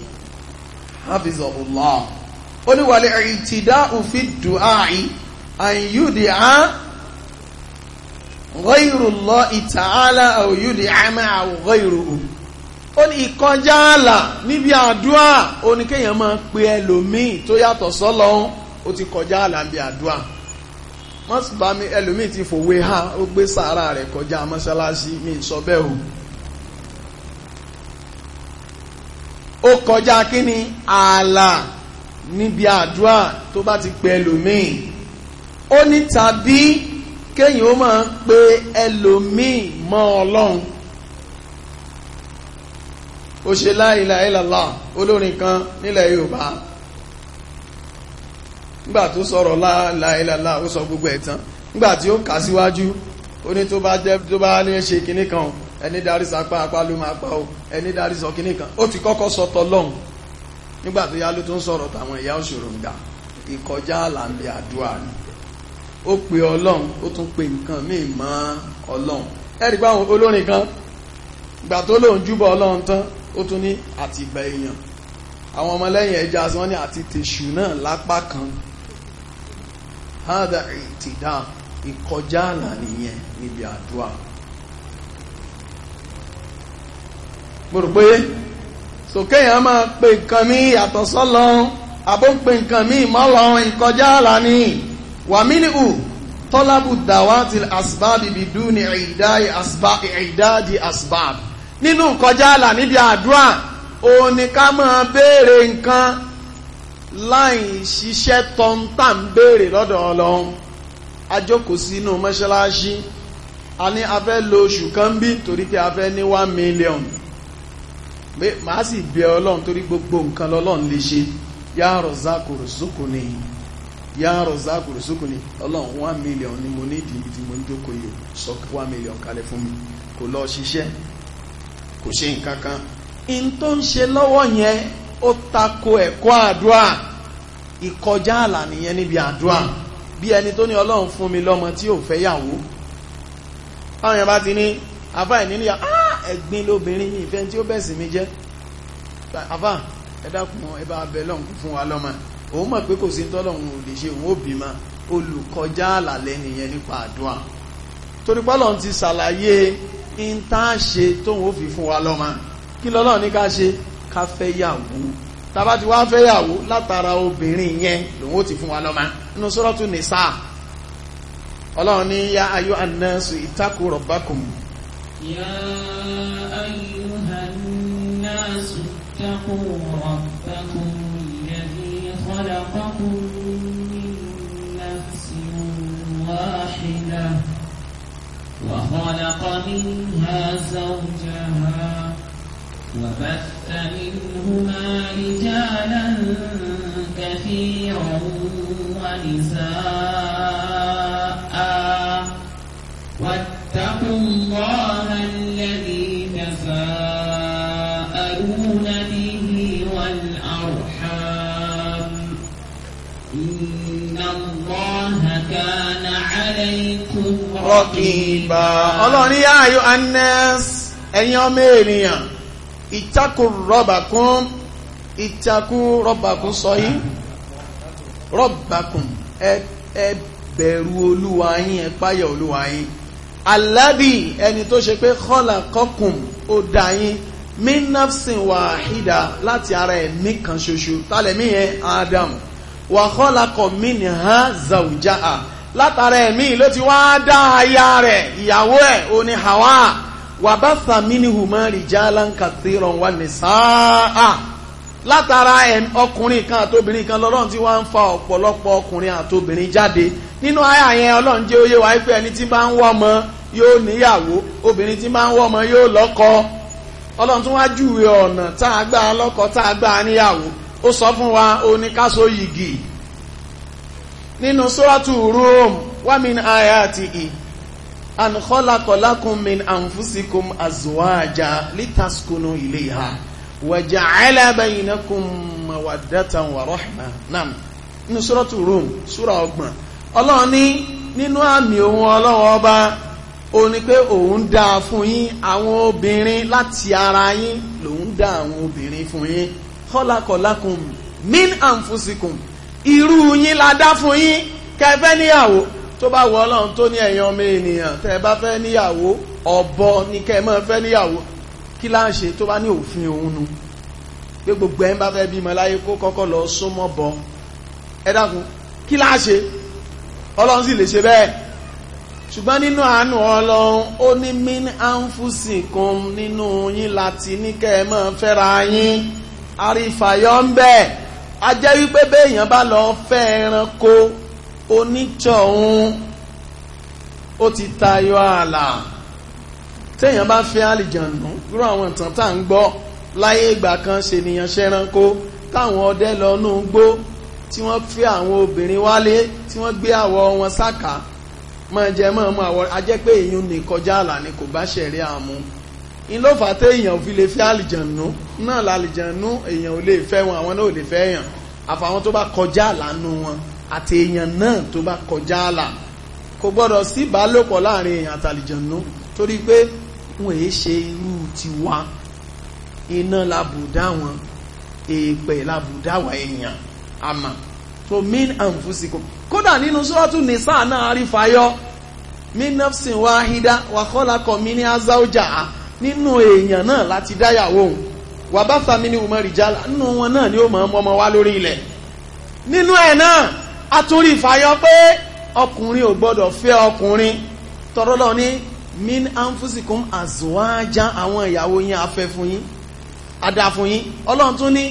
hafizahullah ó ní wàlẹ̀ ìtìdá òfin du'ai àyùdí á ghayrullah ta'ala àyùdí àmà àwòghayru ó ní ìkọjá àlà níbi àdúrà ó ní kéèyàn máa pe ẹlòmíì tó yàtọ̀ sọ́lọ́hún ó ti kọjá àlà níbi àdúrà wọ́n sì bá mi ẹlòmíì ti fòwe ha ó gbé sàárà rẹ̀ kọjá mọ́ṣáláṣí mi sọ bẹ́ẹ̀ o ó kọjá kí ni ààlà níbi àdúrà tó bá ti pẹ ẹlòmíì ó ní tàbí kéèyàn ó máa pe ẹlòmíì mọ́ ọlọ́run ó ṣe la ilaha illallah olórin kan nílẹ̀ yorùbá nígbà tó sọ̀rọ̀ láìláìlá ó sọ gbogbo ẹ̀tàn nígbà tí ó kà síwájú ó ní tó bá jẹ́ tó bá ní ṣe kinní kan ẹni darí sapá apá ló máa pa o ẹni darí sọ kinní kan ó ti kọ́kọ́ sọ tọlọ́hun nígbà tó yá ló tó ń sọ̀rọ̀ tàwọn ìyá òṣòro ń gbà ìkọjá àlàǹbẹ̀ àdúrà ni ó pe ọlọ́run ó tún pe nǹkan míì mọ́ ọlọ́run ẹ̀rí pé àwọn olórin kan gbà tó lóun júbọ ọlọ́run tán ó tún ní àtìgbà èèyàn àwọn ọmọlẹ́yìn ẹja sí ní àti tèṣù náà lápá kan hádà ìtìdá ìkọjá àlà nìyẹn níbi àdúrà gbòrò pé sòkéyàn máa pe nǹkan mí yàtọ̀ sọ́lọ́n àbó ń pe nǹkan mí mọ́lọ́n ìkọjá àlà ní wàmínú tọ́lábù dàwátì asbábi bìdú ní ìdádi asbábi nínú ìkọjá àlà níbi àdúrà òun ni ká máa béèrè nǹkan láì ṣiṣẹ́ tọ́ntà ń béèrè lọ́dọ̀ ọlọ́run a jókòó sínú mọ́ṣáláṣí a ní a fẹ́ lo oṣù kan bí torí pé a fẹ́ ní one million màá sì bẹ ọlọ́run torí gbogbo nǹkan lọ́lọ́run lè ṣe yá rọ̀zá kòròsókò ni yá rọ̀zá kòròsókò ni ọlọ́run one million ni mo ní ìdí tí mo ń jókòó yìí sọ one million kalẹ̀ fún mi kò lọ ṣiṣẹ́ kò ṣe nǹkan kan in tó ń ṣe lọ́wọ́ yẹn ó tako ẹ̀kọ́ àdúà ìkọjá àlà nìyẹn níbi àdúà bí ẹni tó ní ọlọ́run fún mi lọ́mọ tí ò fẹ́ yàwó àwọn yẹn bá ti ní àfáà ìnílẹ̀ ẹ̀gbin lóbìnrin ní ìfẹ́ tí ó bẹ̀sì mi jẹ́ àfáà ẹ dákun ẹ bá abẹ lọ́hùn fún wa lọ́mọ òun mọ̀ pé kò sí tọ́lọ́hun ò lè ṣe òun ó bímọ olùkọjá àlà lẹ́nìyẹn nípa àdúà torí pọ́lọ́hun ti ṣàlàyé ń tá a ṣe tóun ó fi fún wa lọ́mọ kí lọ́lọ́run ní ká ṣe ká fẹ́ yàwó tàbá ti wá fẹ́ yàwó látara obìnrin yẹn lòun ó ti fún wa lọ́mọ nínú sọ́rọ́tún nìsá ọlọ́run ní yá ayú annasu ìtakù rọ̀bákùn yá ayú annasu ìtakù rọ̀bákùn ìyẹ̀dí kọ́lápákùn min nafsin wáhídà وخلق منها زوجها وبث منهما رجالا كثيرا ونساء واتقوا الله الذي تساءلون به والأرحام إن الله كان عليكم رقيبا الله يا أيها الناس أيها ìtakùn rọ́bàkún ìtakùn rọ́bàkún sọ yìí rọ́bàkún ẹ bẹ̀rù olúwa yín ẹ páyà olúwa yín alábì ẹni tó ṣe pé kọ́là kọ́kùn ó dá yín min nafsin wàhídà láti ara ẹ̀mí kan ṣoṣo tálẹ̀mí yẹn Adam wà kọ́lákọ̀ minha zawjaha látara ẹ̀mí ló ti wá dá aya rẹ̀ ìyàwó ẹ̀ o ní wàbáfà mínihùmá rìjálá ń kàtíràn wà ní sáà látara ọkùnrin kan àtobìnrin kan lọ́lọ́run tí wọ́n ń fa ọ̀pọ̀lọpọ̀ ọkùnrin àtobìnrin jáde nínú àyà yẹn ọlọ́run jẹ́ oyé wa pé ẹni tí bá ń wọ́mọ yóò níyàwó obìnrin tí bá ń wọ́mọ yóò lọ́kọ ọlọ́run tún wá júwe ọ̀nà tá a gbà lọ́kọ tá a gbà níyàwó ó sọ fún wa oníkásó yìgì nínú sóràtù Rum wàmí àyà àti ì an khalaqa lakum min anfusikum azwaja litaskunu ilayha wa ja'ala baynakum mawaddatan wa rahma nam ní suratu rum sura ọgbọ̀n ọlọ́run ní nínú àmì ohun ọlọ́wọ́ ọba ó ní pé òun dá fún yín àwọn obìnrin láti ara yín lòun dá àwọn obìnrin fún yín khalaqa min anfusikum irú yín la dá fún yín kẹfẹ́ níyàwó tó bá wọ ọlọ́run tó ní ẹ̀yin ọmọ ènìyàn tẹ́ ẹ bá fẹ́ níyàwó ọ̀bọ ni kẹ́ ẹ máa fẹ́ níyàwó kí láà ṣe tó bá ní òfin òun nu pé gbogbo ẹ̀ ń bá fẹ́ bímọ láyé kó kọ́kọ́ lọ súnmọ́ bọ ẹ dákun kí láà ṣe ọlọ́run sì lè ṣe bẹ́ẹ̀ ṣùgbọ́n nínú àánú ọlọ́run ó ní min anfusi kan nínú yín láti ní kẹ́ ẹ máa fẹ́ra yín àrífàyọ́ ń bẹ́ẹ̀ a jẹ́ wípé béèyàn bá lọ fẹ́ ẹranko onítọ̀hún ó ti tayọ ààlà téèyàn bá fẹ́ àlìjànù irú àwọn ìtàn tá à ń gbọ́ láyé ìgbà kan ṣe nìyàn ṣẹranko táwọn ọdẹ lọ nú gbó tí wọ́n fẹ́ àwọn obìnrin wálé tí wọ́n gbé àwọ̀ wọn sáka máa jẹ máa mú àwọ̀ ajẹ́ pé èyí ní kọjá ààlà ni kò bá ṣẹ̀rí àmú in ló fà téèyàn fi lè fẹ́ àlìjànù náà làlìjànù èèyàn ò lè fẹ́ wọn àwọn náà ò lè fẹ́ èèyàn àfàwọn tó bá kọjá àlànà wọn àti èèyàn náà tó bá kọjá àlà kò gbọ́dọ̀ sí ìbálòpọ̀ láàrin èèyàn àtàlìjànú torí pé wọn èé ṣe irú tiwa iná labùdá wọn èèpẹ̀ labùdá wà èèyàn àmà tó min àǹfùsìkò kódà nínú sọ́ọ́tù nìsáà náà rí fayọ́ min nafsin wahida wa khalaqa min azawja nínú èèyàn náà láti dáyàwó òun wà bá fàmí ní nínú wọn náà ni ó mọ̀ ọmọ wa lórí ilẹ̀ nínú ẹ̀ náà a tún rí ìfàyọ pé ọkùnrin ò gbọ́dọ̀ fẹ́ ọkùnrin tọrọlọ ní min anfusikum azwaja àwọn ìyàwó yín afẹ́ fún yín adá fún yín ọlọ́run tún ní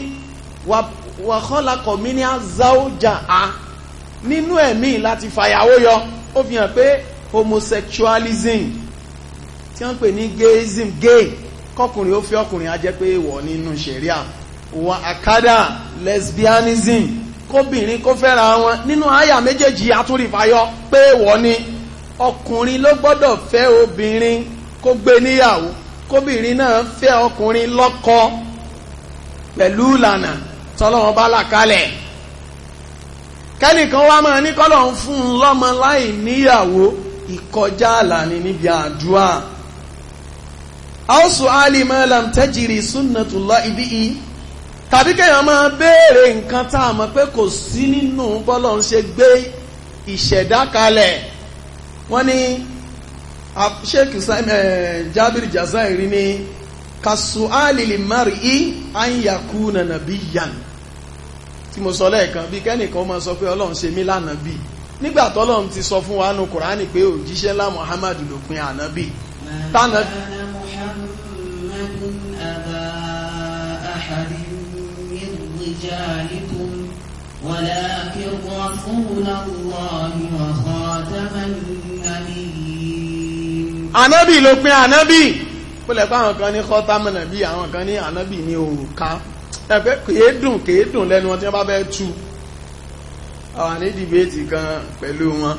wàhálàkọ̀ mi ní azáójà a nínú ẹ̀mí láti fàyàwó yọ ó fi hàn pé homosexualism tí wọ́n pè ní gayism gay kọkùnrin ó fi ọkùnrin á jẹ́ pé wọ̀ nínú ṣẹ̀ríà wà àkádà lesbianism kóbìnrin kó fẹ́ra wọn nínú àyà méjèèjì àtúrì fàyọ pé wọ́n ni ọkùnrin ló gbọ́dọ̀ fẹ́ obìnrin kó gbé níyàwó kóbìnrin náà fẹ́ ọkùnrin lọ́kọ pẹ̀lú ìlànà tọ́lọ́wọ́n bá là kalẹ̀ kẹ́nìkan wá máa ní kọ́lọ́run fún un lọ́mọ láì níyàwó ìkọjá àlàní níbi àdúrà. a ó sọ alì mọ́ lam tajiri sunnatullahi bihi tàbí kéèyàn máa béèrè nǹkan tá a mọ̀ pé kò sí nínú bọ́lọ̀ ń ṣe gbé ìṣẹ̀dá kalẹ̀ wọ́n ní sheikh eh, jabir jazairi ní kasualili mari anyakuna nabiyan tí mo sọ lẹ́ẹ̀kan bí kẹ́nìkan máa sọ pé ọlọ́run ṣe mí lánàbí nígbà tọ́lọ́run ti sọ fún wa nù kùránì pé òjíṣẹ́ ńlá muhammadu lòpin ànábì tánàbí رجالكم ولكن رسول الله وخاتم النبيين ànábì ló pín ànábì pẹ̀lẹ́ pé àwọn kan ní kọ́tàmù nàbí àwọn kan ní ànábì ní òrùka ẹ̀fẹ́ kìí dùn kìí dùn lẹ́nu wọn tí wọ́n bá fẹ́ tú àwọn ní dìbéètì kan pẹ̀lú wọn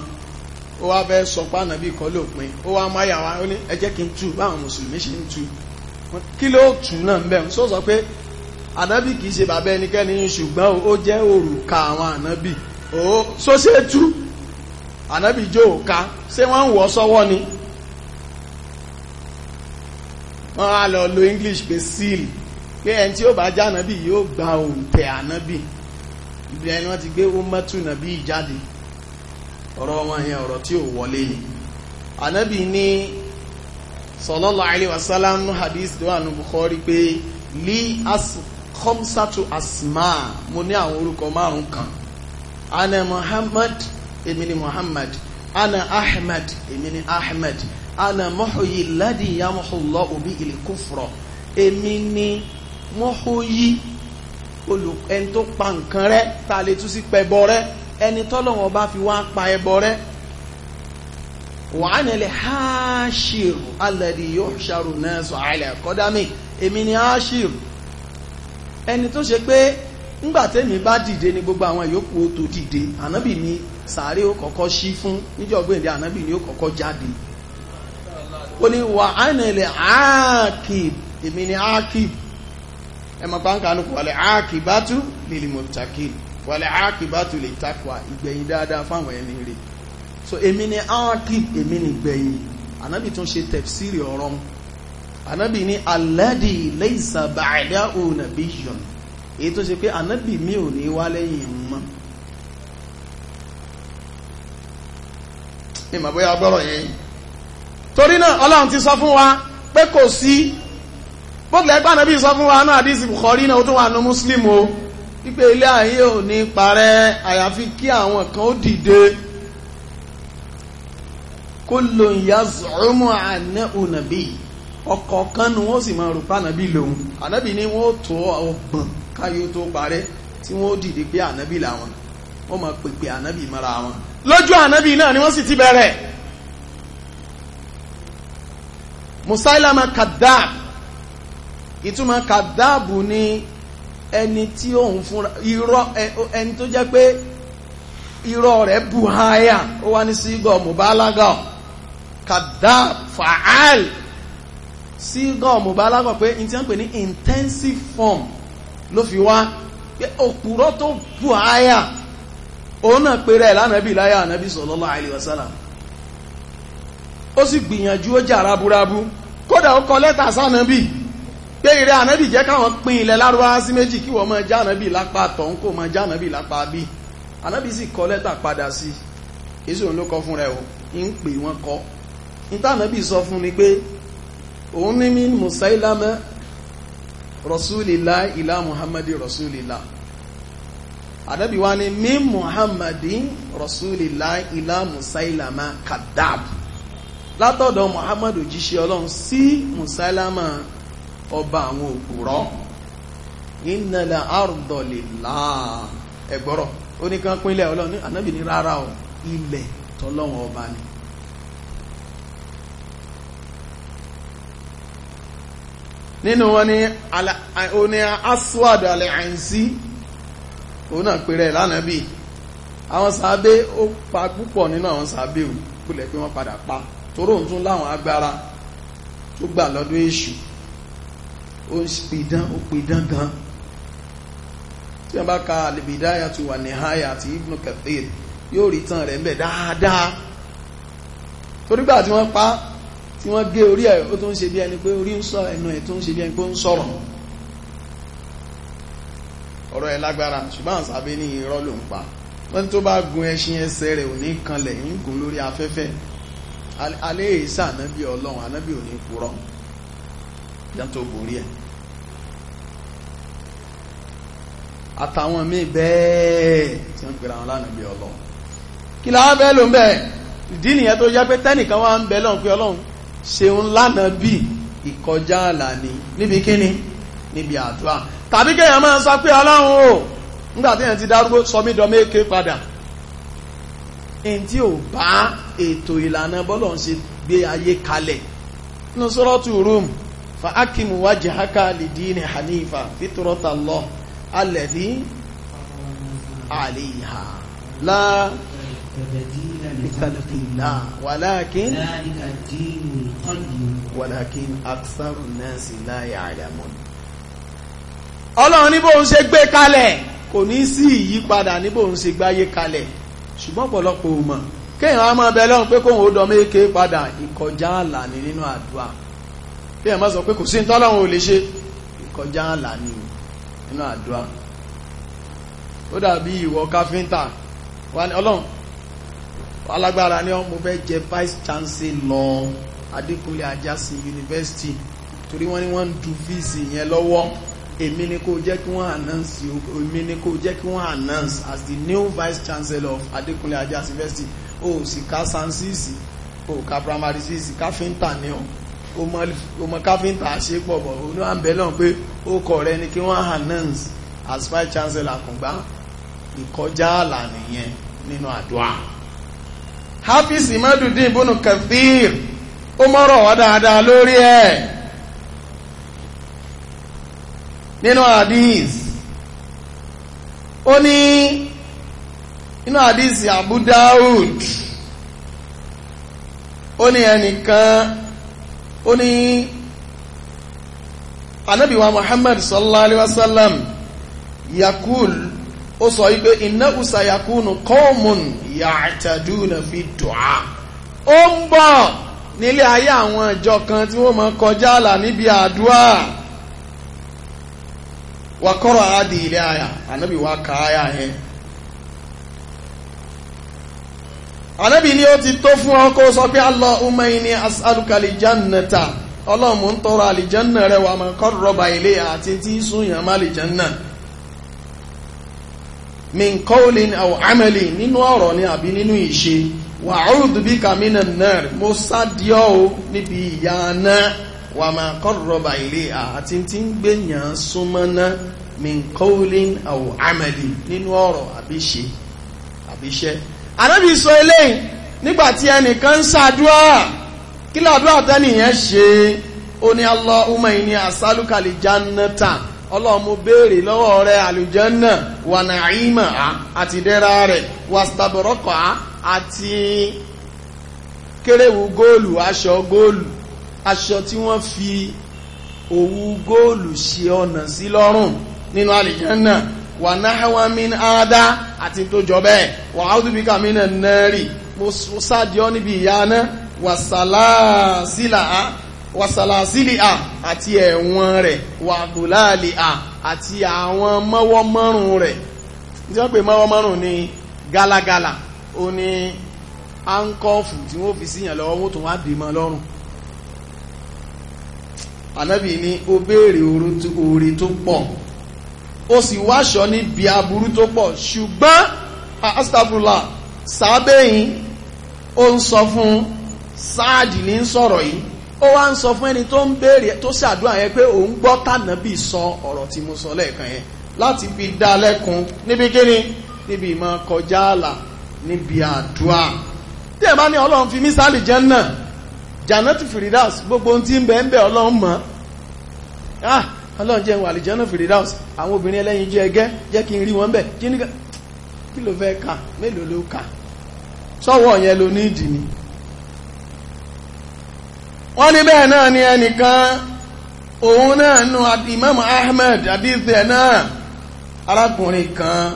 ó wá fẹ́ sọ pé kan ló ó wá máyà wá ó ní ẹ kí n tú báwọn mùsùlùmí ṣe ń tú kí ló tú náà ń bẹ̀ pé Anabi kìí ṣe bàbá ẹnikẹ́ni ṣùgbọ́n ó jẹ́ òrùka àwọn ànábì ó sóṣètú ànábì jẹ́ òka ṣé wọ́n ń wọ́ sọ́wọ́ ni wọ́n á lọ lo English pé seal pé ẹni tí ó bá já ànábì yóò gba òǹtẹ̀ ànábì ibi ẹni wọ́n ti gbé umatu nàbí jáde ọ̀rọ̀ wọn yẹn ọ̀rọ̀ tí ò wọlé yìí ànábì ní sallallahu alaihi wasallam hadith tó wà ní Bukhari pé li asu khamsatu asma mo ní àwọn orúkọ márùn kan ana muhammad èmi ni muhammad ana ahmed èmi ni ahmed ana muhyi ladi yamhu Allahu bihil kufra èmi ni muhyi ẹni tó pa nǹkan rẹ tá a lè tún sí pẹbọ rẹ ẹni tọ́lọ́wọ́n bá fi wá pa ẹbọ rẹ wàhánà lè haṣir alladhi yuhsharu nasu ala qadami èmi ni haṣir ẹni tó ṣe pé ńgbà tẹ́mi bá dìde ni gbogbo àwọn ìyókù ó tó dìde ànábì ni sàárè ó kọ́kọ́ ṣí fún níjọ́gbẹ̀ndẹ̀ ànábì ni ó kọ́kọ́ jáde ó ní wà èmi ni áàkìb ẹmọ pàǹkà ní wàlẹ̀ áàkìbátú lílì mọ̀tàkì wàlẹ̀ áàkìbátú lè takwa ìgbẹ̀yìn dáadáa fáwọn ẹni so èmi ni áàkìb èmi ni gbẹ̀yìn ànábì tún ṣe tẹ̀fsírì ọ̀rọ̀ ànábì ní alẹ́dì laysa ba'dahu nabiyyun èyí tó ṣe pé ànábì mi ò ní wá lẹ́yìn mọ́ ìmọ̀ bóyá ọgbọ́rọ̀ yẹn torí náà ọlọ́run ti sọ fún wa pé kò sí bókè ẹgbẹ́ ànábì sọ fún wa náà àdìsí Bukhari náà ó tún wà ní Muslim o wípé ilé ayé ò ní parẹ́ àyàfi kí àwọn kan ó dìde kullun yaz'umu annahu nabiyyun ọ̀kọ̀ọ̀kan nu wọ́n sì máa rò pa ànábì lòun ànábì ni wọ́n tó ọgbọ̀n káyé tó parẹ́ tí wọ́n dìde pé ànábì làwọn wọ́n máa pèpè ànábì mara wọn lójú ànábì náà ni wọ́n sì ti bẹ̀rẹ̀ musailama kadab ìtumọ̀ kadabu ni ẹni tí òun fúnra irọ́ ẹni tó jẹ́ pé irọ́ rẹ̀ bu haya ó wá ní sígọ̀ mubalaga kadab fa'al sí gọ́ọ̀mù bá lágbà pé in ti ń pè ní intensive form ló fi wá pé òpùrọ́ tó bù áyà òun náà pé rẹ̀ lánàbí láyà ànàbí sallallahu alaihi wasallam ó sì gbìyànjú ó jà raburabu kódà ó kọ lẹ́tà sánàbí pé ìrẹ́ ànàbí jẹ́ káwọn pín ilẹ̀ lárúbáwá sí méjì kí wọ́n máa já ànàbí lápá tọ̀hún kó máa já ànàbí lápá bí ànàbí sì kọ lẹ́tà padà sí èsì òun ló kọ fún rẹ̀ o ń pè wọ́n kọ́ ìtànàbí sọ fún ni pé òun ní min musailama rasulillah ila muhammadi rasulillah ànábì wa ni min muhammadi rasulillah ila musailama kadab látọ̀dọ̀ muhammadu jíṣẹ́ ọlọ́run sí musailama ọba àwọn òkúrọ́ ìnàlẹ̀ àrùdọ̀lélà ẹ̀gbọ́rọ̀ oníkan pínlẹ̀ ọlọ́run ànábì ní rárá o ilẹ̀ tọ́lọ́run ọba ni nínú wọn ni oní aswad alẹ́hànsí òun náà pèrè lánàá bíi àwọn sàábé ó pa púpọ̀ nínú àwọn sàábé ò kúlẹ̀ pé wọ́n padà pa toró ń tún láwọn agbára tó gbà lọ́dún èṣù ó ń pidán ó pidán gan tí wọ́n bá ka alìbìdáyà tó wà ní háyà àti Ibn Kathir yóò rí tán rẹ̀ ń bẹ dáadáa torígbà tí wọ́n pa tí wọ́n gé orí ẹ̀ ó tó ń ṣe bí ẹni pé orí ń sọ ẹnu ẹ̀ tó ń ṣe bí ẹni pé ó ń sọ̀rọ̀ ọ̀rọ̀ ẹ̀ lágbára ṣùgbọ́n àṣàbí ní irọ́ ló ń pa wọ́n tó bá gun ẹṣin ẹsẹ̀ rẹ̀ ò ní kanlẹ̀ ń gùn lórí afẹ́fẹ́ alẹ́ èsà ànábì ọlọ́run ànábì ò ní purọ́ yàtọ̀ borí ẹ̀ àtàwọn míì bẹ́ẹ̀ tí wọ́n pèrè àwọn lánàbì ọlọ́run kí làwọn bẹ́ẹ̀ ló ń bẹ́ẹ̀ ìdí nìyẹn tó jẹ́ pé tẹ́nìkan wá ń bẹ lọ́hùn pé ọlọ́run ṣeun lánàá bí ìkọjá àlà ni níbi kíni níbi àdúrà tàbí kéèyàn máa sọ pé ọlọ́run o nígbà tí èèyàn ti dárúgbó sọmídọ́mé ké padà èyí tí ò bá ètò ìlànà bọ́lọ̀ ń ṣe gbé ayé kalẹ̀ nínú sọ́rọ́tù rúùmù fa akimu wajhaka lidini hanifa fitrotallah alladhi la. لخلق الله ولكن ولكن أكثر الناس لا يعلمون ọlọ́run ní bóun ṣe gbé kalẹ̀ kò ní sí ìyípadà ní bóun ṣe gbáyé kalẹ̀ ṣùgbọ́n ọ̀pọ̀lọpọ̀ ò mọ̀ kéèyàn á máa bẹ lọ́run pé kóun ó dán méke padà ìkọjá àlà ni nínú àdúrà kéèyàn má sọ pé kò sí ní tọ́lọ́run ò lè ṣe ìkọjá àlà ni nínú àdúrà ó dàbí ìwọ káfíńtà wà ní ọlọ́run alágbára ni mo fẹ́ jẹ vice chancellor Adékúnlé Àjàsìn yunifásitì torí wọ́n ní wọ́n ń du fíìsì yẹn lọ́wọ́ èmi ni kò jẹ́ kí wọ́n announce èmi ni kò jẹ́ kí wọ́n announce as the new vice chancellor of Adékúnlé Àjàsìn University. o sì ká sansisi o ká primary six káfíńtà ni o ọmọ káfíńtà àṣepọ̀ bọ̀ onú àbẹ̀lọ̀ pé ó kọ̀ rẹ ni kí wọ́n announce as vice chancellor àkùngbá ìkọjá àlà nìyẹn nínú àdúrà hafiz imadudin ibn kathir ó mọ́rọ̀ wá dáadáa lórí ẹ̀ nínú hadith ó ní nínú hadith abu daud ó ní ẹnìkan ó ní anabiwa muhammad sallallahu alaihi wasallam yakul ó sọ wípé iná usayakunu kọ́ọ̀mùn yàtàdúnà fi dùá ó ń bọ̀ nílé ayé àwọn ìjọ kan tí wọ́n máa kọjá àlà níbi àdúrà wàkọ́rọ̀ àádìí ilé ayà ànábì wá ka ayà yẹn ànábì ni ó ti tó fún ọ kó sọ pé Allahumma inni as'aluka aljannata ọlọ́run mò ń tọrọ àlìjánà rẹ wà máa kọ́ rọba ilé àti tí ń súnyàn má àlìjánà min qawlin aw amali nínú ọ̀rọ̀ ni àbí nínú ìṣe wa a'udhu bika minan nar mo sádìọ́ o níbi ìyà náà wà máa qarraba ilayha àti tí ń gbèyàn súnmọ́ náà min qawlin aw amali nínú ọ̀rọ̀ àbí ṣe sọ eléyìí nígbà tí ẹnìkan ń ṣàdúrà kí làdúrà tẹ́nìyẹn ṣe ó ní Allahumma inni as'aluka al-jannata ọlọ́run mo béèrè lọ́wọ́ rẹ àlùjànnà wà nàímà àti dẹ́ra rẹ̀ wà staborọ́kọ̀ àti kéréwù góòlù aṣọ góòlù aṣọ tí wọ́n fi òwú góòlù ṣe ọ̀nà sí lọ́rùn nínú àlùjànnà wà náhàwá min áádá àti tó jọ bẹ́ẹ̀ wà áùdúbíkà mínà náà rì mo sáàdì ọ́ níbi ìyá náà wà sàlásílà wàsàlásílì à àti ẹ̀wọ̀n rẹ̀ wàgùláàlì à àti àwọn mọ́wọ́ márùn rẹ̀ tí wọ́n pè mọ́wọ́ márùn ní gálágálà ó ní áńkọ́ọ̀fù tí wọ́n fi síyàn lọ́wọ́ wọ́n tó wá bímọ lọ́rùn ànábì ní ó béèrè oore tó pọ̀ ó sì wáṣọ níbi aburú tó pọ̀ ṣùgbọ́n astagfirullah sábẹ́yìn ó ń sọ fún sáàdì ní sọ̀rọ̀ yìí ó wá ń sọ fún ẹni tó ń béèrè tó ṣàdúrà yẹn pé òun gbọ́ tànàbí sọ ọ̀rọ̀ tí mo sọ lẹ́ẹ̀kan yẹn láti fi dá lẹ́kun níbi kíni níbi ìmọ̀ kọjá àlà níbi àdúrà tí ẹ bá ní ọlọ́run fi mísàlì jẹ́nà jannatu firidaus gbogbo ohun tí ń bẹ ń bẹ ọlọ́run mọ̀ ah ọlọ́run jẹ́ wà lìjẹ́nà firidaus àwọn obìnrin ẹlẹ́yin jẹ́ ẹgẹ́ jẹ́ kí n rí wọn bẹ̀ kí ló fẹ́ kà mélòó ló kà sọ́wọ́ yẹn ló ní ìdí ni wọ́n ní bẹ́ẹ̀ náà ni ẹnìkan òun náà nu imam ahmed hadith ẹ̀ náà arákùnrin kan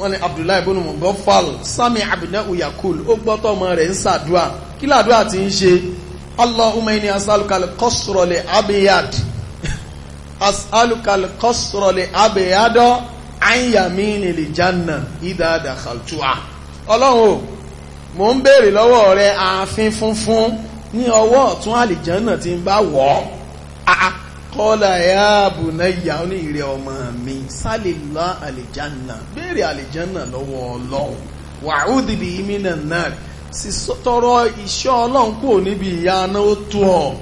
wọ́n ní abdullahi ibn mubafal sami abdullahi uyakul ó gbọ́tọ̀ ọmọ rẹ̀ ń sàdúà kí làdúà ti ń ṣe allahumma inni as'aluka al abiyad as'aluka al-qasra li abiyad an yamini ọlọ́run mo ń béèrè lọ́wọ́ rẹ̀ ààfin funfun ní ọwọ́ ọ̀tún àlìjánà tí ń bá wọ̀ ọ́ kọ́lá ya bunayya ó ní ìrẹ́ ọmọ mi sálìlá àlìjánà béèrè àlìjánà lọ́wọ́ ọlọ́run wàhúdì bí ìmínà náà sì tọrọ iṣẹ́ ọlọ́run kò níbi ìyá aná ó tó ọ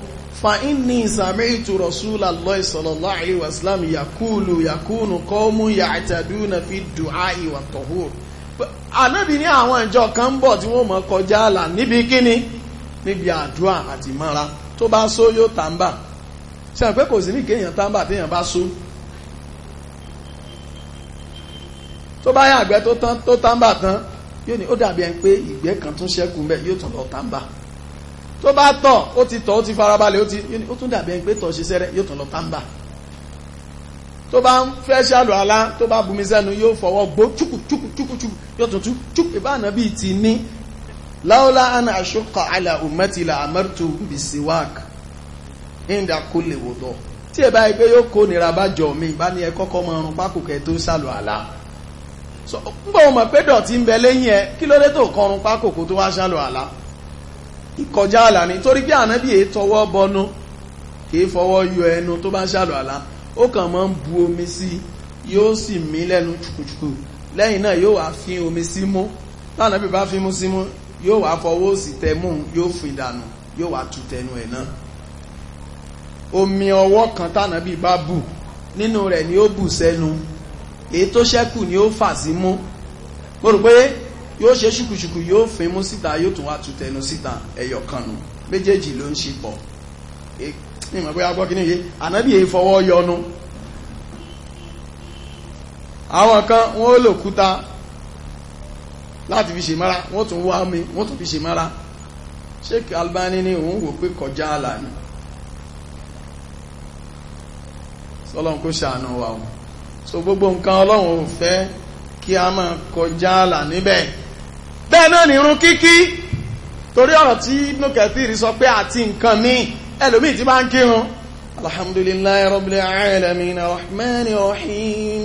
fa inni sami'tu rasulallahi sallallahu alaihi wasallam yakulu yakunu qawmun ya'taduna fi du'a'i wa tahur anábì ní àwọn ìjọ kan ń bọ̀ tí wọ́n mọ̀ kọjá àlà níbi níbi àdúrà àti mọ́ra tó bá só yóò tàǹbà ṣe àpẹ́ kò sí ní kéèyàn tàǹbà téèyàn bá só tó bá yàgbẹ́ tó tán tó tàǹbà tán yóò ní ó dàbí ẹni pé ìgbẹ́ kan tún ṣẹ́kù mbẹ̀ yóò tún lọ tàǹbà tó bá tọ̀ ó ti tọ̀ ó ti farabalẹ̀ ó ti ó tún dàbí ẹni pé tọ̀ ṣe sẹ́rẹ̀ yóò tún lọ tàǹbà tó bá ń fẹ́ ṣàlù alá tó bá bumi sẹ́nu yóò fọwọ́ gbó túkùtúkùtúkù yóò tún tú túkù ìbáàná bíi ti ní láwọ́lá ana àṣọ́kà àlà òmẹ́tìlà àmọ́tò bìsíwák ìndà kó lè wòdọ̀ tí ẹ báyìí pé yóò kó nira bá jọ mi bá ní ẹ kọ́kọ́ mọ ọrùn pákòkẹ́ tó sálọ àlá ń bọ̀ mọ̀ pé dọ̀tí ń bẹ lẹ́yìn ẹ kí ló dé tó kọrun pákòkò tó wá sálọ àlá ìkọjá àlà ni torí bí ànábì èé tọwọ́ bọnú kìí fọwọ́ yọ ẹnu tó bá sálọ àlá ó kàn máa ń bu omi sí yóò sì mí lẹ́nu chukuchuku lẹ́yìn náà yóò wá fi omi sí mú tánàbì bá fi mú sí yóò wá fọwọ́ sí tẹmú yóò fi dànù yóò wá tu tẹnu ẹ̀ náà omi ọwọ́ kan tànàbí bá bù nínú rẹ̀ ni ó bù sẹ́nu èyí tó ṣẹ́kù ni ó fà sí mú mo rò pé yóò ṣe ṣùkùṣùkù yóò fin mú síta yóò tún wá tu tẹnu síta ẹ̀yọ̀ kanu méjèèjì ló ń ṣe pọ̀ ní ìmọ̀ bóyá gbọ́ kí níye ànábì èyí fọwọ́ yọnu àwọn kan wọ́n ó lòkúta láti fi ṣe mara wọ́n tún wá mi wọ́n tún fi ṣe mara Sheikh Albani ní òun wò pé kọjá àlà ni sọ́lọ́n kó ṣàánú wa o so gbogbo nǹkan ọlọ́run ò fẹ́ kí a máa kọjá àlà níbẹ̀ bẹ́ẹ̀ náà ni irun kíkí torí ọ̀rọ̀ tí Ibn Kathir sọ pé àti nǹkan míì ẹlòmíì tí bá ń kírun alhamdulillahi rabbil alamin arrahmanir rahim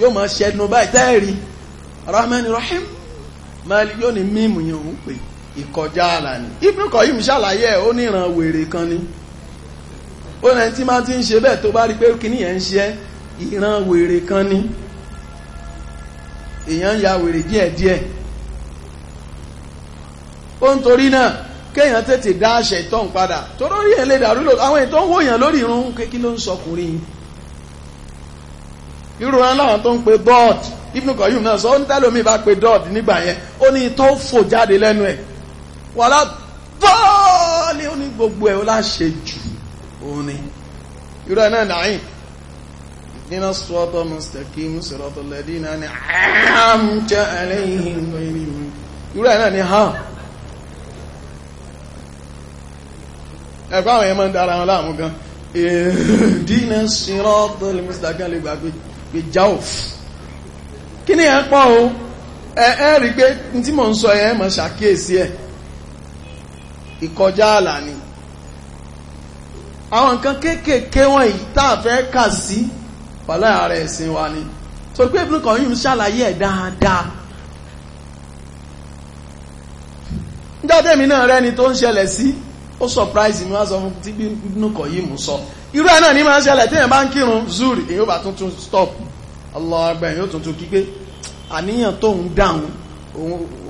yóò máa ṣẹnu báyìí tẹ́ẹ̀rí rahman rahim mali yóò ní mímu yẹn òun pè ìkọjá àlà ni Ibn Qayyim ṣàlàyé ẹ̀ ó níran wèrè kan ni ó lẹ́yìn tí máa ti ń ṣe bẹ́ẹ̀ tó bá rí pé kíní yẹn ń ṣe ìran wèrè kan ni èèyàn ya wèrè díẹ̀díẹ̀ ó ń torí náà kéèyàn tètè dá àṣẹ ìtọ́ ń padà torórí ẹ̀ lè dàrú lò àwọn ìtọ́ ń wòyàn lórí irun kékeré ló ń sọkùnrin yìí irú wọn láwọn tó ń pe dọ́ọ̀d Ibn Qayyum náà sọ ó ní tẹ́lómi bá pe dọ́ọ̀d nígbà yẹn ó ní tó fò jáde lẹ́nu ẹ̀ wàlá bọ́ọ̀lì ó ní gbogbo ẹ̀ ó láṣẹ jù ó ní irú ẹ̀ náà nàáyìn nínú sọ́tọ̀ mustaqim sọ́tọ̀ lẹ́dínà ní àmjẹ́ ẹlẹ́yìn irú ẹ̀ náà ní hàn ẹ̀kọ́ àwọn ẹ̀mọ́ ń dára wọn láàmú gan ìdínà sọ́tọ̀ lẹ́mùsítàkì lè gbàgbé pé jaof kí ni ẹ̀ pọ̀ o ẹ rí pé tí mò ń sọ ẹ̀ mọ̀ ṣàkíyèsí ẹ̀ ìkọjá àlà ni àwọn nǹkan kéékèèké wọ̀nyí tá a fẹ́ kà sí pàlẹ́ ààrẹ ẹ̀sìn wa ni tó pé Ibn Qayyim ṣàlàyé ẹ̀ dáadáa níjọ́ tèmi náà rẹ́ni tó ń ṣẹlẹ̀ sí ó surprise mi wá sọ fún tí Ibn Qayyim sọ. irú ẹ̀ ní máa ń ṣẹlẹ̀ tí èyàn bá ń kírun zuri èyàn bá stop ọlọ́ọ̀gbẹ̀ yóò tuntun kígbé àníyàn tó ń dáhùn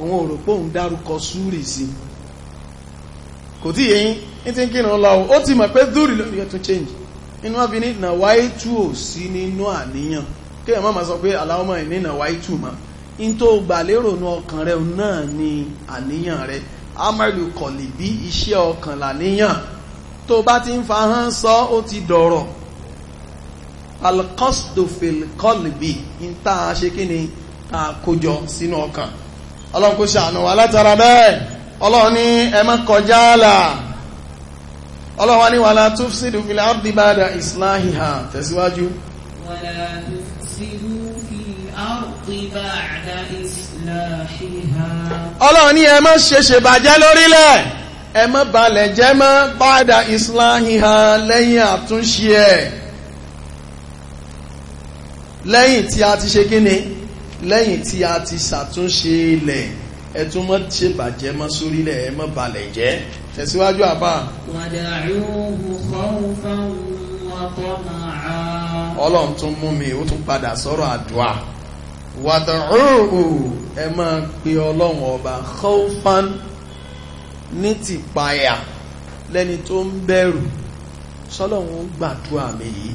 òun ò rò pé òun dárúkọ zuri sí kò tí yẹn ní ti ń kírun lọ ó ti mọ̀ pé zuri ló yẹ change inú wọn fi ní nàwáyé tú ò sí nínú àníyàn kí èyàn máa sọ pé aláwọ̀mọ̀ ní nàwáyé tú mọ́ in tó gbà ọkàn rẹ náà ni àníyàn rẹ amẹ́lù bí iṣẹ́ ọkàn làníyàn tó bá ti ń fa hán sọ ó ti dọ̀rọ̀ alkostofil kọlìbì ń tá a ṣe kí ni tá a kójọ sínú ọkàn ọlọ́run kó ṣàánú wa látara bẹ́ẹ̀ ọlọ́run ní ẹ má kọjá àlà ọlọ́run wa ní wàlá tufsidu fil ardi ba'da islahiha tẹ̀síwájú. ọlọ́run ní ẹ má ṣe lórílẹ̀ ẹ má balẹ̀ jẹ́ mọ́ báàdà islahiha lẹ́yìn àtúnṣe ẹ̀ lẹ́yìn tí a ti ṣe kíni lẹ́yìn tí a ti ṣàtúnṣe ilẹ̀ ẹ tún mọ́ ṣèbàjẹ́ mọ́ sórílẹ̀ ẹ má balẹ̀ jẹ́ tẹ̀síwájú àbá. ọlọ́run tún mú mi ó tún padà sọ̀rọ̀ àdúrà wàdàrú ẹ máa pe ọlọ́run ọba khawfan ní ti páyà lẹ́ni tó ń bẹ̀rù sọ́lọ́run gbàdúrà mi yìí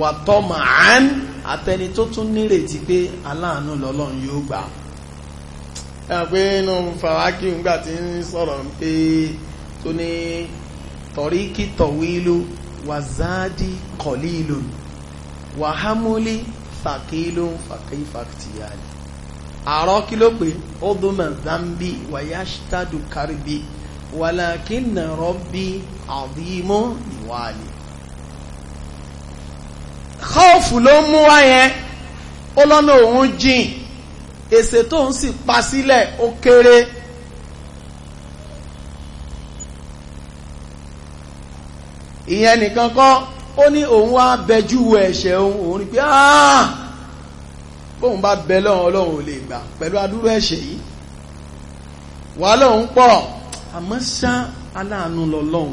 wà tọ́mà án àtẹni tó tún nírètí pé aláàánú lọ́lọ́run yóò gbà pé inú fàwákì ńgbà tí ń sọ̀rọ̀ pé tó ní tọ̀ríkì tọ̀wílú wàzáàdì kọ̀lílù wàhámúlì fàkílù kí ló pé ó wàyáṣítàdù kárìbí wàlákínà rọ́bí àdímọ́ ìwàlì kọ́ọ̀fù ló mú wá yẹn ó lọ́nà òun jìn èsè tó ń sì pa sílẹ̀ ó kéré ìyẹn nìkan kọ́ ó ní òun wá bẹjú ẹ̀ṣẹ̀ òun òun rí pé bóun bá bẹ lọ́wọ́ ọlọ́run ò lè gbà pẹ̀lú adúrú ẹ̀ṣẹ̀ yìí wàá lóun pọ̀ àmọ́ ṣá aláàánú lọ́lọ́run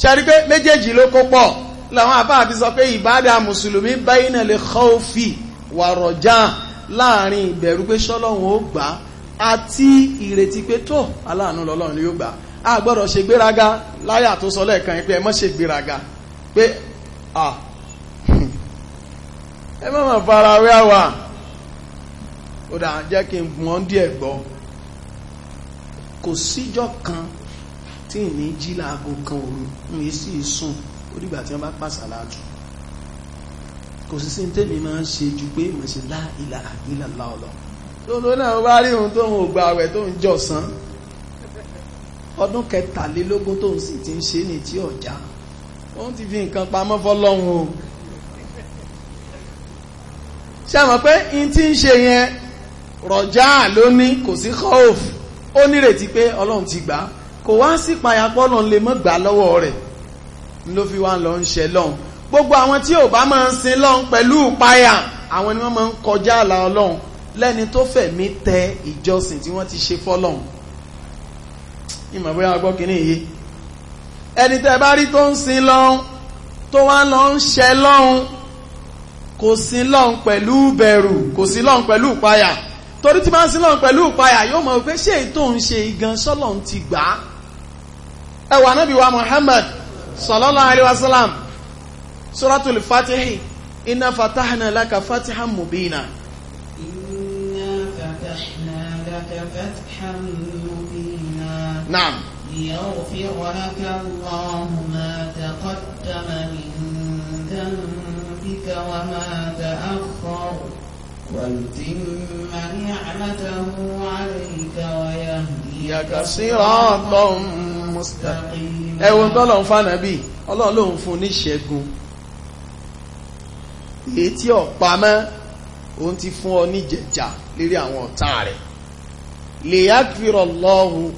ṣàrí pé méjèèjì ló kó pọ̀ làwọn àbá fi sọ pé ìbádà mùsùlùmí báyìnà lè khawfi wà rọ̀já láàrin ìbẹ̀rù pé ṣọ́lọ́run ó gbà àti ìrètí pé tó aláàánú lọ́lọ́run yóò gbà á gbọ́dọ̀ ṣe gbéraga láyà tó sọ lẹ́ẹ̀kan yìí pé ẹ má ṣe gbéraga pé ẹ má mà fara wé àwà ó dà jẹ́ kí n mọ́ díẹ̀ gbọ́ kò síjọ́ kan tí ní jí láago kan òru ń yé sí sùn onígbà tí wọ́n bá pàṣàlájú kò sí sí tèmi máa ń ṣe ju pé mo ṣe lá ìlà ìlà láọlọ tó ló náà wá rí ohun tó ń gba àwẹ̀ tó ń jọ̀sán ọdún kẹtàlélógún tó ń sì ti ń ṣe ní tí ọjà òun ti fi nǹkan pamọ́ fọlọ́hun o ṣe àmọ́ pé n ti ń ṣe yẹn rọ̀já lóní kò sí kọ́ọ̀fù ó nírètí pé ọlọ́run ti gbà á kò wá sí payapọ̀ lọ́n lè mọ́ gbà lọ́wọ́ rẹ̀ ló fi wá lọ ń ṣe lọ́hùn gbogbo àwọn tí ò bá máa ń sin lọ́hùn pẹ̀lú ìpayà àwọn ni wọ́n máa ń kọjá àlà ọlọ́run lẹ́ni tó fẹ̀mí tẹ ìjọsìn tí wọ́n ti ṣe fọ́lọ́hùn ìmọ̀ bóyá gbọ́ kínní yìí ẹni tẹ́ bá rí tó ń sin lọ́hùn tó wá lọ ń ṣe lọ́hùn kò sin lọ́hùn pẹ̀lú bẹ̀rù kò sin lọ́hùn pẹ̀lú ìpayà torí tí máa ń sin lọ́n pẹ̀lú ìpayà yóò mọ̀ pé ṣé ètò ń ṣe igan sọ́lọ̀ ń ti gbà á ẹwà náà bí wa Muhammad sallallahu alaihi wasallam suratul fatihi inna fatahna laka fatihan mubina. naam. ليغفر لك الله ما تقدم من وما تأخر ويتم عَلَيْكَ عليك ويهديك صراطا مستقيما ẹ̀wọ̀n tọ́lọ̀ ń fánàbí ọlọ́run ló ń fún ní ṣẹ́gun èyí tí ọ̀pá mọ́ òun ti fún ọ ní jẹ̀jà lérí àwọn ọ̀tá rẹ̀ lè yá kírọ̀ lọ́hùn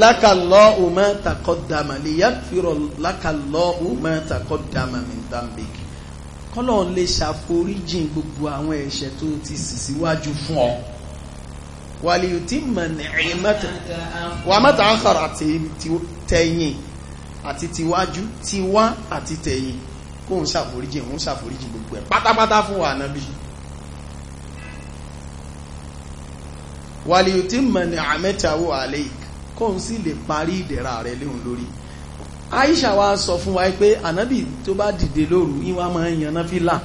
lákàlọ́hùn mẹ́ta kọ́ dàmà lè yá kírọ̀ lákàlọ́hùn mẹ́ta kọ́ dàmà mìíràn bíi kọ́lọ̀ lè ṣàforíjìn gbogbo àwọn ẹ̀ṣẹ̀ tó ti sì síwájú fún ọ wàlíyù tí mọ̀ ní ẹ̀mẹ́ta wà mẹ́ta ń kọ̀rọ̀ àti tẹ̀yìn àti tiwájú tiwá àti tẹ̀yìn kó ń ṣàforíjìn òun ṣàforíjìn gbogbo ẹ̀ pátápátá fún wa náà bí wàlíyù tí mọ̀ ní ẹ̀mẹ́ta wò àlẹ́ kó ń sì lè parí ìdẹ̀ra rẹ̀ léhùn lórí Aisha wa sọ fún wa pé ànábì tó bá dìde lóru ìwà máa ń yan nàfílà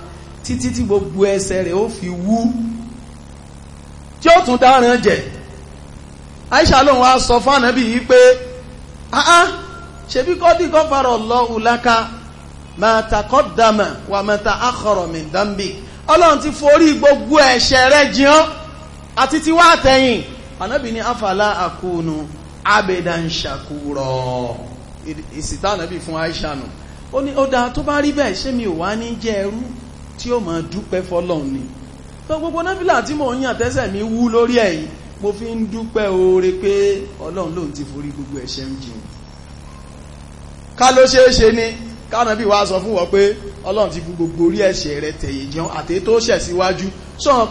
títí tí gbogbo ẹsẹ̀ rẹ̀ ó fi wú tí ó tún dáràn jẹ Aisha lóun wá sọ fún ànábì yìí pé ah ṣebí kọ́dí kọ́fàrọ̀ Allahu laka ma taqaddama wa ma ta'akhkhara min dambik ọlọ́run ti forí gbogbo ẹ̀ṣẹ̀ rẹ̀ jìn àti ti wá àtẹ̀yìn ànábì ní afala akunu abedan shakura ìsìtánà bí fún Aisha nù ó ní ó dáa tó bá rí bẹ́ẹ̀ ṣé mi ò wá ní jẹ́ ẹrú tí ó máa dúpẹ́ fọ́lọ́run ni tó gbogbo náfìlà tí mò ń yàn tẹ́sẹ̀ mi wú lórí ẹ̀yìn mo fi ń dúpẹ́ oore pé ọlọ́run lòun ti forí gbogbo ẹ̀ṣẹ̀ ń jìn ká ló ṣeé ṣe ni kánàbí wa sọ fún wọn pé ọlọ́run ti fi gbogbo orí ẹ̀ṣẹ̀ rẹ tẹ̀yẹ̀ jẹun àtẹ́tó ṣẹ̀ síwájú sọ̀rọ̀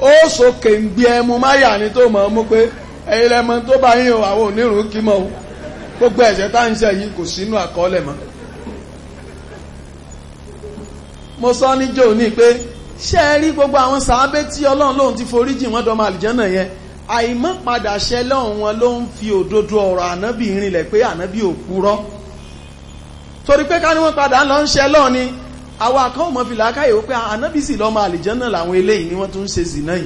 ó sókè ń gbé ẹmu máyà ní tó mọ̀ mú pé ẹ̀yin lẹ́mọ tó bá yín o àwọn onírun kí mọ́ o gbogbo ẹ̀ṣẹ̀ tá ń ṣe yìí kò sínú àkọọ́lẹ̀ mọ́ mo sọ níjó ní pé ṣé ẹ rí gbogbo àwọn sàábé tí ọlọ́run lòun ti forí jì wọ́n dọ́mọ àlìjẹ́nà yẹn àìmọ́ padà ṣẹlẹ̀ wọn ló ń fi òdodo ọ̀rọ̀ ànábì rinlẹ̀ pé ànábì ò purọ́ torí pé ká ní wọ́n padà ń lọ ń ṣẹlọ́ ni àwọn akọ́ mọ̀ fi làákàyè wípé ànábìsì lọ́mọ àlìjẹ́nà làwọn eléyìí ni wọ́n tún ń ṣe zì náà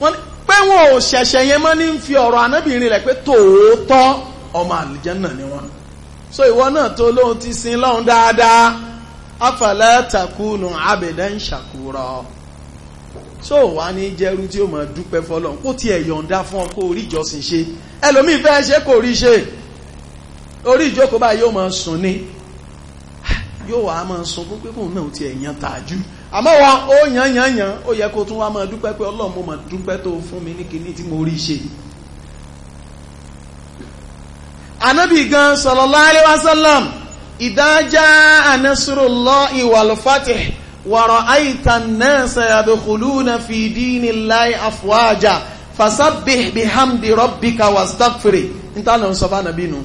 wọ́n pé wọn ò ṣẹ̀ṣẹ̀ yẹn mọ́ ní fi ọ̀rọ̀ ànábìrin rẹ̀ pé tòótọ́ ọmọ àlìjẹ́nà ni wọ́n so ìwọ náà tó lóhun ti sin lọ́hun dáadáa afẹ́lẹ́ takunu abẹ̀dẹ́ ń ṣàkúrọ̀ so wà ní jẹ́rú tí ó mọ̀ dúpẹ́ fọlọ́n kó tiẹ̀ yọ̀ǹda fún ọ kó orí ìjọsìn ṣe ẹlòmíì fẹ́ ṣe kò rí ṣe orí ìjókòó báyìí ó mọ̀ sùn ni yóò wá máa sunkún pé kóun náà ti ẹ̀yàn tààjú àmọ́ wa ó yàn yàn yàn ó yẹ kó tún wá máa dúpẹ́ pé ọlọ́run mo máa dúpẹ́ tó fún mi ní tí mo rí ṣe anábì gan sallallahu alaihi wasallam ìdájá anasrullahi wal fatih wa ra'aita an-nasa yadkhuluna fi dinillahi afwaja fasabbih bihamdi rabbika wastaghfir nítorí sọ bá nàbí nù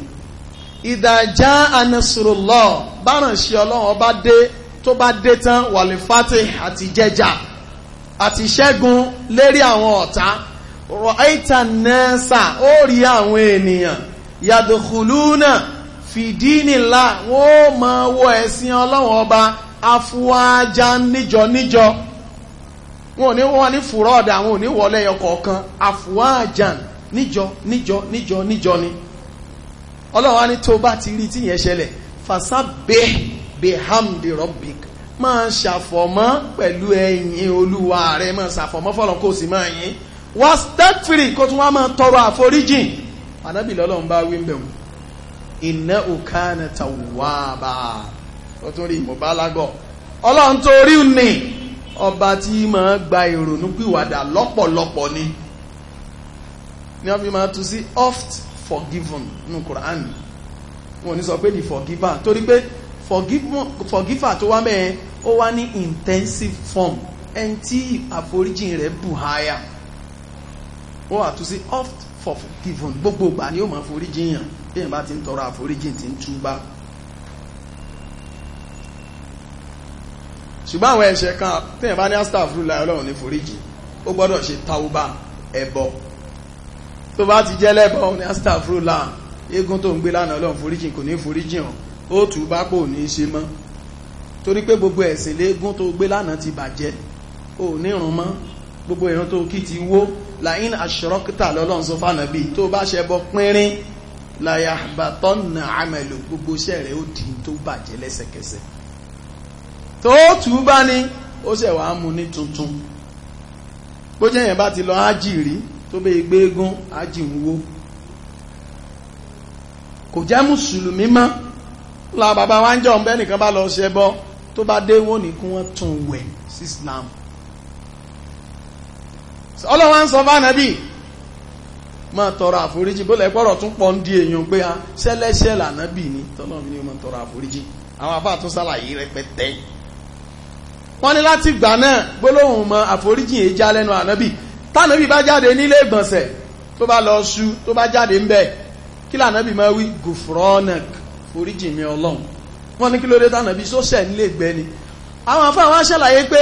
ìdàjá anasurulọ bárànṣẹ́ ọlọ́run ọba dé tó bá dé tán wàlẹ̀ fatih àti jẹjà àti ṣẹ́gun lérí àwọn ọ̀tá rọ̀ẹ́ta nẹ́ẹ̀sà ó rí àwọn ènìyàn yàdùkùlúnà fìdínìlá wọ́n ó máa wọ ẹ̀sìn ọlọ́run ọba afuwájá níjọ níjọ wọn ò ní wọ́n ní fùrọ́ọ̀dà àwọn ò ní wọlé ọkọ̀ọ̀kan afuwájá níjọ níjọ níjọ níjọ ni. Jọ, níjọ, níjọ, níjọ, níjọ, níjọ, níjọ, níjọ, ọlọ́run á ní tó bá ti rí tíyẹn ṣẹlẹ̀ fasabbih bihamdi rabbik máa ṣàfọ̀mọ́ pẹ̀lú ẹ̀yìn olúwa rẹ̀ máa ṣàfọ̀mọ́ fọ́lọ́n kò sì máa yìn wastaghfiri kó tún wá máa tọrọ àforíjìn ànábì lọ́lọ́run bá wí ń bẹ̀rù innahu kana tawwaba ó tún rí ìmọ̀bálágọ̀ ọlọ́run tó rí ni ọba tí máa gba ìrònú lọ́pọ̀lọpọ̀ ni ni wọ́n fi máa tu sí oft forgiven nínú Quran wọn ní sọ pé the forgiver torí pé forgiver tó wá mẹ́ẹ̀ ó wá ní intensive form ẹni tí àforíjìn rẹ̀ bù háyà ó wà tó sí oft for forgiven gbogbo ìgbà ni ó máa foríjìn yàn bí èèyàn bá ti ń tọrọ àforíjìn ti ń túbá ṣùgbọ́n àwọn ẹ̀ṣẹ̀ kan tí èèyàn bá ní astagfirullah Ọlọ́run ní foríjìn ó gbọ́dọ̀ ṣe tauba ẹbọ tó bá ti jẹ́ lẹ́bọn ní astafrola eégún tó ń gbé lánàá ọlọ́run foríjìn kò ní foríjìn ọ̀ ó tù bá pò ní ṣe mọ́ torí pé gbogbo ẹ̀sìn léégún tó gbé lánàá ti bàjẹ́ ò ní rùn mọ́ gbogbo ìran tó kí ti wó láyín àṣọ́rọ́kítà lọ́lọ́run sọ fánà bí tó bá ṣe bọ pínrín láyà àbátọ́nà àmẹ́lò gbogbo iṣẹ́ rẹ̀ ó di tó bàjẹ́ lẹ́sẹ̀kẹsẹ̀ tó tù bá ní ó ṣẹ̀wà á mu ní tuntun bó jẹ́ yẹn bá ti lọ ájì rí tó bẹ́ gbé eégún ajínwó kò jẹ́ mùsùlùmí mọ́ la bàbá wa ń jọ ọ̀bẹ́ nìkan bá lọ ṣẹbọ tó bá dé wọ́n ní kí wọ́n tún wẹ̀ sí Islam ọlọ́wọ́ ń sọ bá nàbí máa tọrọ àforíjì bó lẹ́ pọ́rọ̀ tún pọ̀ ń di èèyàn pé a ah, sẹ́lẹ́sẹ́ lànàbì ni tọ́lọ́ ní máa tọrọ àforíjì àwọn afá tún sàlàyé rẹpẹtẹ wọ́n ní láti gbà náà gbólóhùn mọ àforíjì èjá lẹ́nu ànábì tánàbí bá jáde nílé ìgbọ̀nsẹ̀ tó bá lọ ṣú tó bá jáde ń bẹ̀ kí lànàbí máa wí gùfrọ́nàk foríjì mi ọlọ́run wọ́n ní kí ló dé tánàbí sóṣẹ̀ nílé ìgbẹ́ ni àwọn afẹ́ àwọn aṣàlàyé pé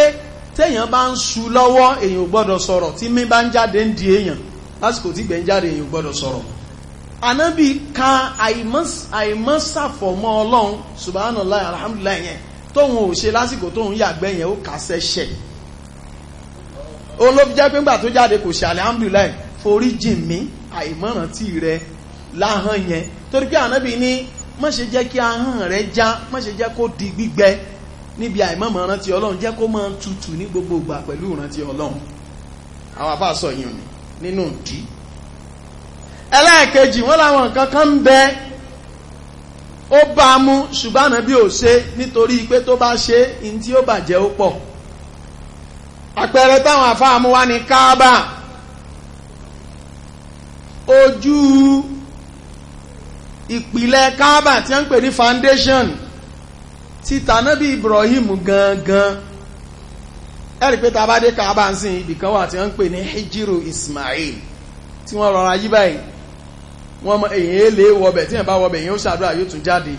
téèyàn bá ń ṣú lọ́wọ́ èèyàn ò gbọ́dọ̀ sọ̀rọ̀ tí mi bá ń jáde ń di èèyàn lásìkò tí gbẹ̀ ń jáde èèyàn ò gbọ́dọ̀ sọ̀rọ̀ ànábì ka àìmọ́sàfọ̀mọ́ ọlọ́run subhanallah alhamdulillah yẹn tóun ò ṣe lásìkò tóun yàgbẹ́ yẹn ó kà sẹ́ṣẹ̀ òun ló fi jẹ́ pé ńgbà tó jáde kò ṣe alhamdulillah forí jìn mí àìmọ̀rántí rẹ láhàn yẹn torí pé ànábì ní má ṣe jẹ́ kí ahọ́n rẹ já má ṣe jẹ́ kó di gbígbẹ níbi àìmọ̀rántí ọlọ́run jẹ́ kó máa tutù ní gbogbo ìgbà pẹ̀lú ìrántí ọlọ́run àwọn àbá sọ yìí nínú ìdí ẹlẹ́ẹ̀kejì wọ́n láwọn nǹkan kan ń bẹ ó bá mú ṣùgbọ́n ànábì ò ṣe nítorí pé tó bá ṣe ní tí ó bàjẹ́ ó pọ̀ àpẹẹrẹ táwọn afáàmú wá ní káábà ojú ìpìlẹ̀ káábà tí a ń pè ní foundation ti tànábì Ibrahim gangan ẹ̀rí pé tá bá dé káábà ń sìn ibìkan wà tí a ń pè ní hijiru Ismail tí wọ́n rọra yí báyìí wọ́n mọ èyàn èlé wọbẹ̀ tí ẹ̀ bá wọbẹ̀ yẹn ó ṣàdúrà yóò tún jáde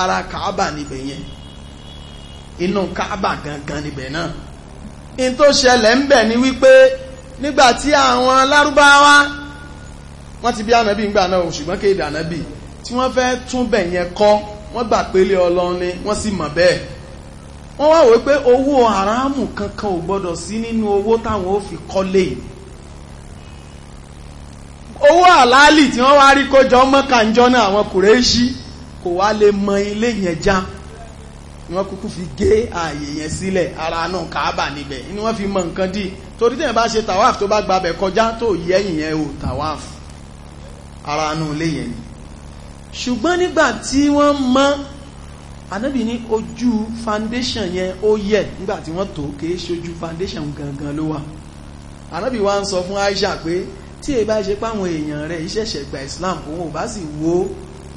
ara káábà níbẹ̀ yẹn inú káábà gangan níbẹ̀ náà in tó ṣẹlẹ̀ ń bẹ̀ ni wípé nígbàtí àwọn lárúbáwá wọ́n ti bí ànábì ń gbà náà ṣùgbọ́n kéde ànábì tí wọ́n fẹ́ tún bẹ̀ yẹn kọ́ wọ́n gbà pélé ọlọ́run ni wọ́n sì mọ̀ bẹ́ẹ̀ wọ́n wá wípé owó haramu kankan ò gbọ́dọ̀ sí nínú owó táwọn ó fi kọ́lé owó àlálì tí wọ́n wá rí kójọ mọ́kànjọ́ náà àwọn kùrẹ́ṣí kò wá lè mọ ilé yẹn já ni wọ́n kúkú fi gé ààyè yẹn sílẹ̀ ara náà kàábà níbẹ̀ ni wọ́n fi mọ nǹkan dì torí tẹ́yìn bá ṣe tàwáf tó bá gbabẹ̀ kọjá tó yí ẹ̀yìn yẹn ò ara náà lè yẹn ni ṣùgbọ́n nígbà tí wọ́n mọ́ anábì ní ojú foundation yẹn ó yẹ̀ nígbà tí wọ́n tó kéé ṣojú foundation gangan ló wà anábì wá ń sọ fún Aisha pé tí èyí bá ṣe páwọn èèyàn rẹ̀ ìṣẹ̀ṣẹ̀ gba Islam òun ò bá sì wo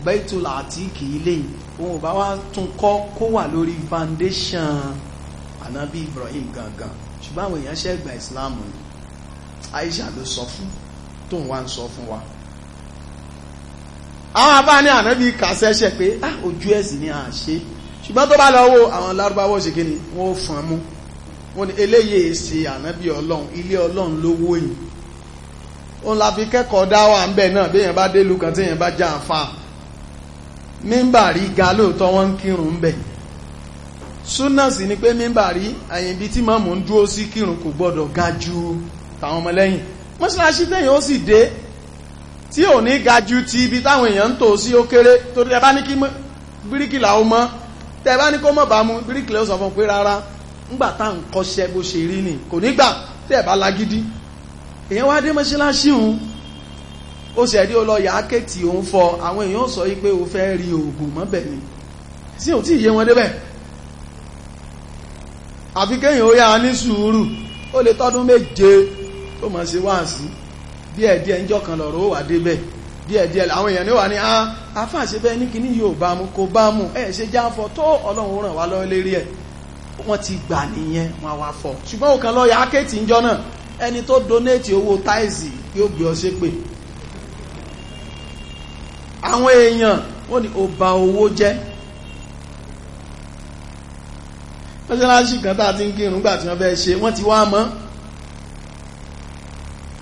Baitul Atiq ilé yìí òun ò bá wá tún kọ́ kó wà lórí foundation anabi Ibrahim gangan ṣùgbọ́n àwọn èèyàn ṣẹ̀gbà Islam ni Aisha ló sọ fún tóun wá ń sọ fún wa àwọn abá ní ànábì kàṣẹ́ṣẹ́ pé ah ojú ẹ̀sìn ni a ṣe ṣùgbọ́n tó bá lọ wo àwọn lárúbáwọ̀ ṣe kí ni wọ́n fọ́n mú wọ́n ní eléyìí e ṣe ànábì ọlọ́run ilé ọlọ́run ló wó yìí òun la fi kẹ́kọ̀ọ́ dá wà ń bẹ̀ náà bí èèyàn bá délùú kan tí èèyàn bá já àfa mímbàrí ga lóòótọ́ wọ́n ń kírun ń bẹ̀ súnà ni pé mímbàrí àyìnbí tí mọ́mù ń dúró sí kírun kò gbọ́dọ̀ ga ju tàwọn ọmọlẹ́yìn mọ́ṣáláṣí tẹ̀yìn ó sì dé tí ò ní ga ju ti ibi táwọn èèyàn ń tò sí ó kéré tẹ bá ní kí ó mọ́ tẹ bá ní kó mọ̀ bá mu pé rárá ńgbà tá à ń ó ṣe rí ọlọ́yà ákẹ́tì òun fọ àwọn èèyàn sọ wípé o fẹ́ rí oògùn mọ́bẹ̀ ni sí ò tí ìyé wọn débẹ̀ àfi kéèyàn ó yá ní sùúrù ó lè tọ́dún méje tó mọ̀ sí wáàsí díẹ̀díẹ̀ ń jọ́kan lọ̀rọ̀ ó wà débẹ̀ díẹ̀díẹ̀ àwọn èèyàn ní wà ní ah, afáà ṣe bẹ́ẹ̀ ní kíní yóò bá mu kò bá mu ẹ̀ ṣe jáfọ́ tó ọlọ́run ràn wá lọ́wọ́ lérí ẹ̀ wọ́n ti gbà nìyẹn wọn wá fọ́ ṣùgbọ́n òkan lọ́ọ̀yà ákẹ́tì ń jọ náà ẹni tó donate owó táìsì yóò gbé ọ ṣépè àwọn èèyàn wọ́n ní ó ba owó jẹ́ mọ́ṣáláṣí kan tá a ti ń kírun gbà tí wọ́n fẹ́ ṣe wọ́n ti wá mọ́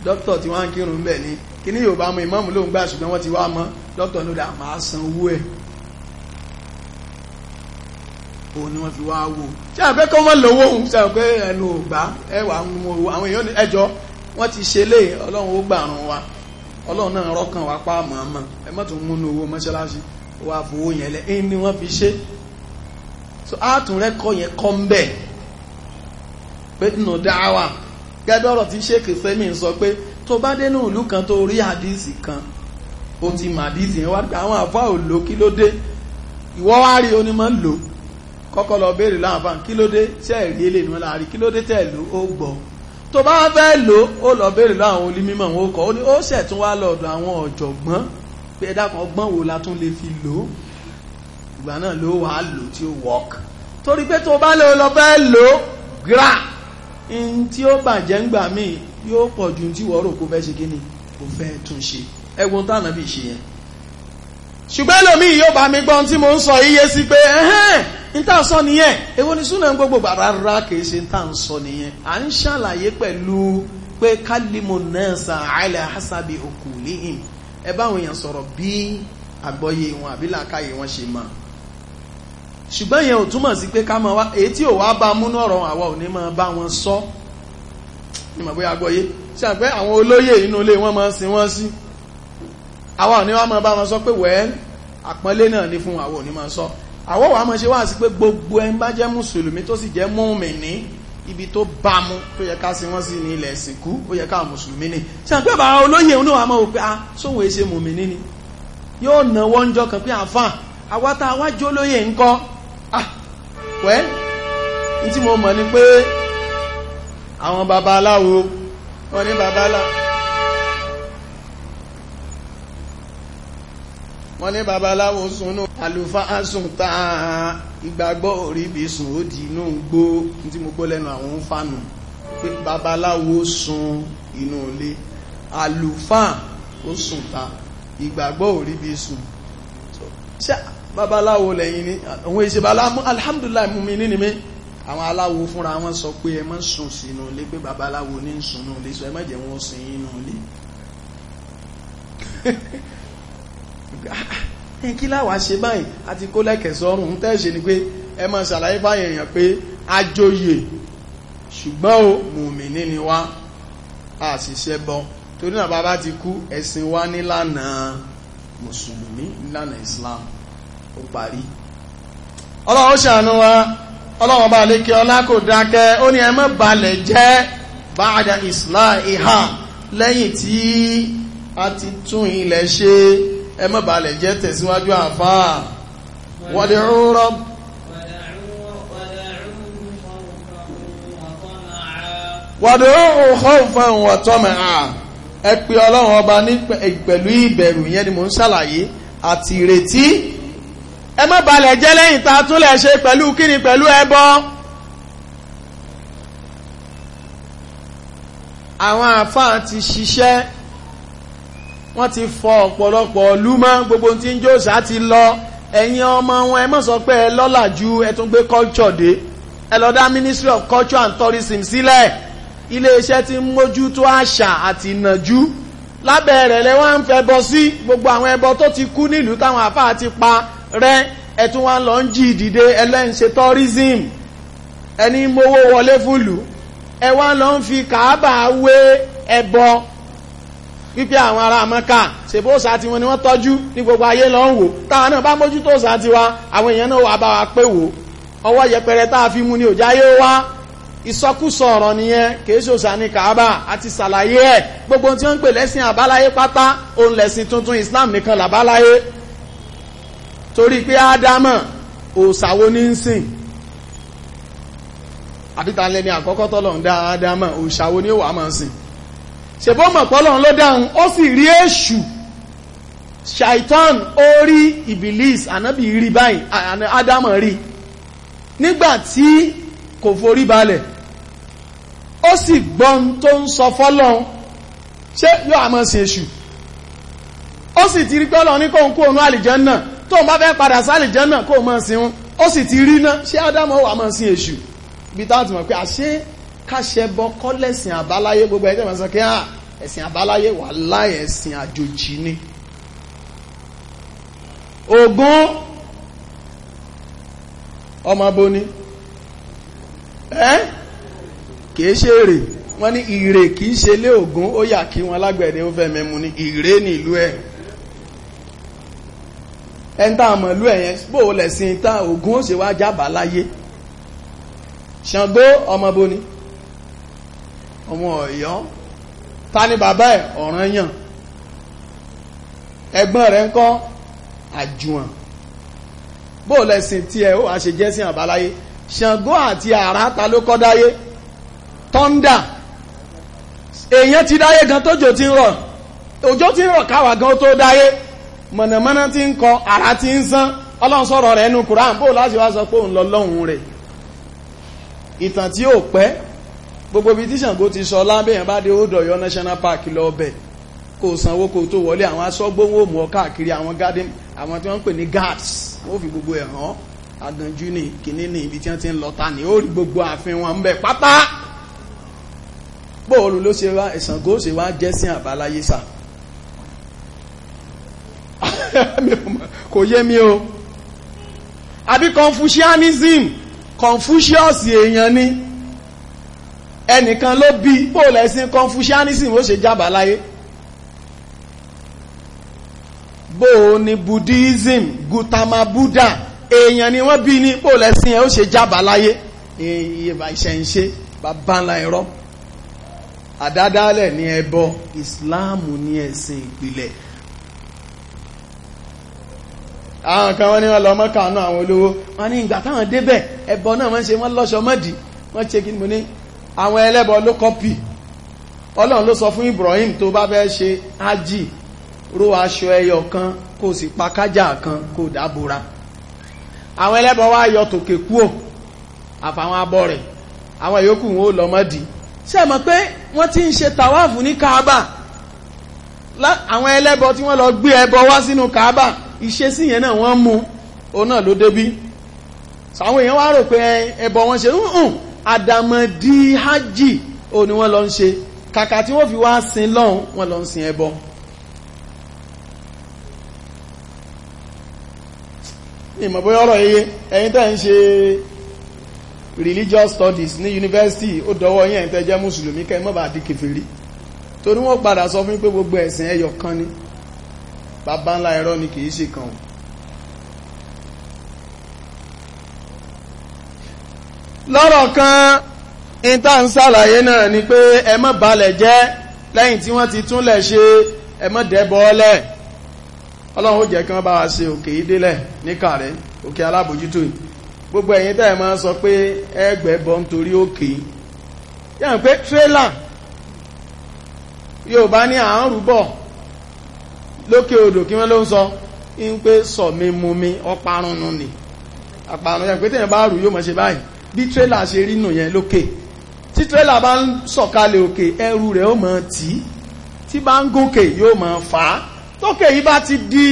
dókítà tí wọ́n ń kírun ń bẹ̀ ni kí ní yorùbá mọ ìmọ̀mù lóun gbà ṣùgbọ́n wọ́n ti wá mọ́ dókítà ló dà máa san owó ẹ̀ òun ni wọ́n fi wá wò ṣé àpẹ́ kọ́ mọ́ lówó òun ṣe pé ẹnu ò gbà ẹwà àwọn èèyàn ẹjọ́ wọ́n ti ṣe lé ọlọ́run ó gbà ràn wa ọlọ́run náà rọ́kàn wá pa mọ̀ọ́mọ̀ ẹ mọ́ tún múnú owó mọ́ṣáláṣí wà fowó yẹn lẹ́ ẹni wọ́n fi ṣe so áàtùn rẹ́kọ̀ yẹn kọ́ ń bẹ̀ pé nù dáwà gẹ́gẹ́ ọ̀rọ̀ tí ṣéèkì fẹ́mi sọ pé tó bá dénú ìlú kan tó rí àdìsí kan ó ti mà àdìsí yẹn wá pé àwọn àfa ò lò kí ló dé ìwọ́ wá rí onímọ̀ lò kọ́kọ́ lọ béèrè láǹfà kí ló dé tẹ́ẹ̀rí eléyìí wọn láàrí kí ló dé tẹ́ẹ̀ lò ó tó bá fẹ́ lò ó lọ béèrè lọ àwọn olímímọ̀ wọn ó kọ́ ó ní ó ṣẹ̀ tún wá lọ́dọ̀ àwọn ọ̀jọ̀gbọ́n pé ẹ̀dá kan ọgbọ́n wo la tún lè fi lò ó ìgbà náà ló wà á lò tí ó wọ́ọ̀kì torí pé tó bá lọ fẹ́ lò ó gra in tí ó bàjẹ́ ń gbà míì yóò pọ̀ ju tí wọ́n rò kó fẹ́ ṣe kí ni kò fẹ́ tún ṣe ẹgbọ́n tánàbì ṣe yẹn ṣùgbọ́n lómi yóò bá mi gbọ́n tí mo ń sọ iye sí pé ẹ̀hẹ́n ní tá à ń sọ nìyẹn èwo ni súnà gbogbo rárá kìí ṣe tá nìyẹn à ń ṣàlàyé pẹ̀lú pé kálímù náà sa àìlẹ̀ hasabi òkú léhìn ẹ báwọn èèyàn sọ̀rọ̀ bí àgbọ́yé wọn àbí làákàyè wọn ṣe máa ṣùgbọ́n yẹn ò túmọ̀ sí pé ká máa wá èyí tí ò wá bá múnú ọ̀rọ̀ àwa ò ní máa bá wọn sọ ní màbóyá gbọ́yé ṣàpẹ́ àwọn olóyè inú ilé wọn máa sin wọ́n sí àwa ò ní wá máa bá wọn sọ pé wẹ́ẹ́ àpọ́nlé náà ní fún àwọn ò ní máa sọ àwọ̀ wàá máa ṣe wá sí pé gbogbo ẹni bá jẹ́ mùsùlùmí tó sì jẹ́ mùmìnì ibi tó bá mu tó yẹ ká sí wọ́n sí ní ilẹ̀ ìsìnkú ó yẹ káwọn mùsùlùmí ni ṣe àpẹ́ bàbá olóyè ah, òun náà mọ̀ pé a sóhun èṣe mùmìnì ni yóò nà wọ́n jọ kàn pé àfàn àwátá awájú olóyè ń kọ́ ah wẹ́ ní tí mo mọ̀ ni pé àwọn babaláwo wọ́n ní babaláwo wọ́n ní babaláwo sunú àlùfáà sùn tán ìgbàgbọ́ òríbi sùn ó di inú gbó tí mo gbọ́ lẹ́nu àwọn ń fànù pé babaláwo sun inú ilé àlùfáà ó sùn ìgbàgbọ́ òríbi sùn babaláwo lẹ́yìn ni àwọn èsì babaláwo alhamdulillah mú mi nínú mi àwọn aláwo fúnra wọn sọ pé ẹ má sùn sínú ilé pé babaláwo ní sùn nínú ilé sọ ẹ má jẹ́ wọn sìn inú ilé kí láwà ṣe báyìí àti kó lẹ́kẹ̀ẹ́sọ́rùn tẹ́ ṣe ni pé ẹ máa ṣàlàyé báyìí èèyàn pé ajóyè ṣùgbọ́n o mùmìnì ni wá àṣìṣẹ́ bọ torí náà bàbá ti kú ẹ̀sìn wa nílànà mùsùlùmí nílànà Islam ó parí ọlọ́run ṣàánú wa ọlọ́run bá lékè ọlá kò dákẹ́ ó ní ẹ má balẹ̀ jẹ́ báadà islam ìhà lẹ́yìn tí a ti tún ilẹ̀ ṣe ẹ má balẹ̀ jẹ́ tẹ̀síwájú àfáà wọ́n dẹ̀ rúrọ́ wàdúrú khawfan wa tama'an ẹ pe ọlọ́run ọba ní pẹ̀lú ìbẹ̀rù yẹn ni mò ń ṣàlàyé àti ìrètí ẹ má balẹ̀ jẹ́ lẹ́yìn tá a tún lè ṣe pẹ̀lú kíni pẹ̀lú ẹbọ àwọn àfáà ti ṣiṣẹ́ wọ́n ti fọ ọ̀pọ̀lọpọ̀ lúmọ́ gbogbo tí ń jòṣà ti lọ ẹ̀yin ọmọ wọn ẹ mọ̀ sọ pé ẹ lọ́làjú ẹ tún gbé culture dé ẹ lọ dá ministry of culture and tourism sílẹ̀ iléeṣẹ́ tí ń mójútó àṣà àti ìnàjú lábẹ́ rẹ̀ lẹ́wọ́n ń fẹ́ bọ́ sí gbogbo àwọn ẹbọ tó ti kú nílùú táwọn àfáà ti pa rẹ́ ẹ tún wá lọ ń jí ìdìde ẹlẹ́ǹṣe tourism ẹni mowó wọlé fúlù ẹ wá lọ ń fi kàábà wé ẹbọ wípé àwọn ará mọ́ká ṣèbó òsà tí wọn ni wọ́n tọ́jú ní gbogbo ayé lọ ń wò táwọn náà bá mójútó òsà ti wa àwọn èèyàn náà wà bá wa pé wò ọwọ́ yẹpẹrẹ tá a fi mú ni òjá yé wá ìsọkúsọ ọ̀rọ̀ nìyẹn kìí ṣòṣà ní kàábà àti ṣàlàyé ẹ̀ gbogbo tí ó ń pè lẹ́sìn àbáláyé pátá òun lẹ̀sìn tuntun Islam nìkan làbáláyé torí pé ádámọ̀ òòsàwó ní ń sìn àbítalẹ́ni àkọ́kọ́ tọ́lọ̀ ń dá ádámọ̀ òòsàwó ní ó wà ń sìn ṣèbó mọ̀ pọ́lọ́run ló dáhùn ó sì rí èṣù shaitan ó rí ibilis ànábì rí báyìí ádámọ̀ rí nígbà tí kò forí balẹ̀ ó sì gbọ́n tó ń sọ fọ́lọ́run ṣé yóò àmọ́ sí èṣù ó sì ti rí pọ́lọ́run ní kóhun kóhun àlìjànnà tóun bá fẹ́ padà sálìjànnà kóhun mọ́ sí wọn ó sì ti rí náà ṣé ádámọ̀ wà mọ́ sí èṣù bí táwọn ti mọ̀ pé àṣé káṣẹbọ kọ́lẹ̀sìn àbáláyé gbogbo ẹjẹ́ ìwọ̀n sọ kí á ah, ẹ̀sìn àbáláyé wà láì ẹ̀sìn àjòjì ni Ògún ọmọbóni ẹ́ kìí ṣe èrè wọ́n ní ìrè kìí ṣe lé Ògún ó yà kí wọn lágbẹ̀dẹ ó fẹ́ mẹ́mu ní ìrè ní ìlú ẹ̀ ẹ̀ntà àmọ̀lú ẹ̀yẹn bó lẹ̀sìn ìta Ògún ó ṣe wá jábàá láyé Ṣàngó ọmọbóni ọmọ ọ̀yọ́ ta ni bàbá ẹ̀ Ọ̀rànyàn ẹ̀gbọ́n rẹ̀ ń kọ́ àjùwọ̀n bó lẹ́sìn tí ẹ ó àṣejẹ́ sí àbáláyé Ṣàngó àti àrá ta ló kọ́ dáyé tọ́ndà èèyàn ti dáyé gan tójò ti ń rọ̀ òjò ti ń rọ̀ káwa gan tó dáyé mọ̀nàmọ́ná ti ń kọ àrá ti ń sán ọlọ́run sọ̀rọ̀ rẹ̀ nínú Kùránì bó láti wá sọ pé òun lọ lọ́hùn rẹ̀ ìtàn tí ó pẹ́ gbogbo ibi tí Ṣàngó ti sọ lábẹ́yàn bá dé old Ọ̀yọ́ national park lọ bẹ̀ kò sanwó kò tó wọlé àwọn aṣọ́gbóhùn òmù ọ̀káàkiri àwọn garden àwọn tí wọ́n ń pè ní guards wọ́n fi gbogbo ẹ̀ hàn aganjú ní kìíní ní ibi tí wọ́n ti ń lọ ta ní ó rí gbogbo ààfin wọn ń bẹ̀ pátá bóòlù ló ṣe wá Ṣàngó ṣe wá jẹ́sìn àbáláyé sà kò yé mi o àbí confucianism confucius èèyàn ni ẹnìkan ló bí bóòlù ẹ̀sìn confucianism ó ṣe jábà láyé bóò ni buddhism Gutama buddha èèyàn ni wọ́n bí ní bóòlù ẹ̀sìn ẹ̀ ó ṣe jábà láyé iye ìṣẹ̀ǹṣe bàbá ńlá ẹ̀rọ àdádálẹ̀ ni ẹbọ ìsìláàmù ni ẹ̀sìn ìpìlẹ̀ àwọn kan wọ́n ní wọ́n lọ mọ́kànú àwọn olówó wọ́n ní ìgbà táwọn débẹ̀ ẹbọ náà wọ́n ṣe wọ́n lọ́ṣọ mọ́dì wọ́n ṣe kí ni mo ní àwọn ẹlẹ́bọ ló kọ́pì ọlọ́run ló sọ fún Ibrahim tó bá bẹ́ẹ̀ ṣe ájì ró aṣọ ẹyọ kan kó sì pa kájà kan kó dábòra àwọn ẹlẹ́bọ wá yọ tòkè kúò àfàwọn abọ́ rẹ̀ àwọn yòókù wọn ò lọ́mọdì ṣe mọ̀ pé wọ́n ti ń ṣe tàwáàfù ní Kaaba àwọn ẹlẹ́bọ tí wọ́n lọ gbé ẹbọ wá sínú Kaaba ìṣesí yẹn náà wọ́n mú òun náà ló débí sàwọn èèyàn wá rò pé ẹbọ wọn ṣe ń hùn àdàmọ̀dì hajj ò ní wọ́n lọ ń ṣe kàkà tí wọ́n fi wá sin lọ́hùn wọ́n lọ ń sin ẹbọ ìmọ̀ bóyá ọ̀rọ̀ yẹyẹ ẹ̀yin tẹ́ ń ṣe religious studies ní yunifásitì ó dọwọ́ yín ẹ̀yin tẹ́ jẹ́ mùsùlùmí kẹ́ mọ́ bá di kèfèrí torí wọ́n padà sọ fún pé gbogbo ẹ̀sìn ẹyọ kan ni bàbá ńlá ẹ̀rọ ni kì í ṣe kan o lọ́rọ̀ kan ìta ń sàlàyé náà ni pé ẹ má balẹ̀ jẹ́ lẹ́yìn tí wọ́n ti túnlẹ̀ ṣe ẹ má dẹ́bọ́ọ́lẹ̀ ọlọ́run ó jẹ́ kí wọ́n bá wa ṣe òkè ìdílẹ̀ ní kàrẹ́ òkè alábòjútó gbogbo ẹ̀yin tẹ́ ẹ máa sọ pé ẹgbẹ́ bọ́ nítorí òkè yẹn pé tírélà yorùbá ní à ń rúbọ̀ lókè odò kí wọ́n ló ń sọ ń pé sọ mi mú mi ọparun nù ni àparun yẹn pé tẹ̀yìn bá rù yóò mọ̀ ṣe báyìí bí tírélà ṣe rí nù yẹn lókè tí tírélà bá ń sọ̀kalẹ̀ òkè ẹrù rẹ̀ ó máa tì tí bá ń gòkè yóò máa fà á tókè yìí bá ti di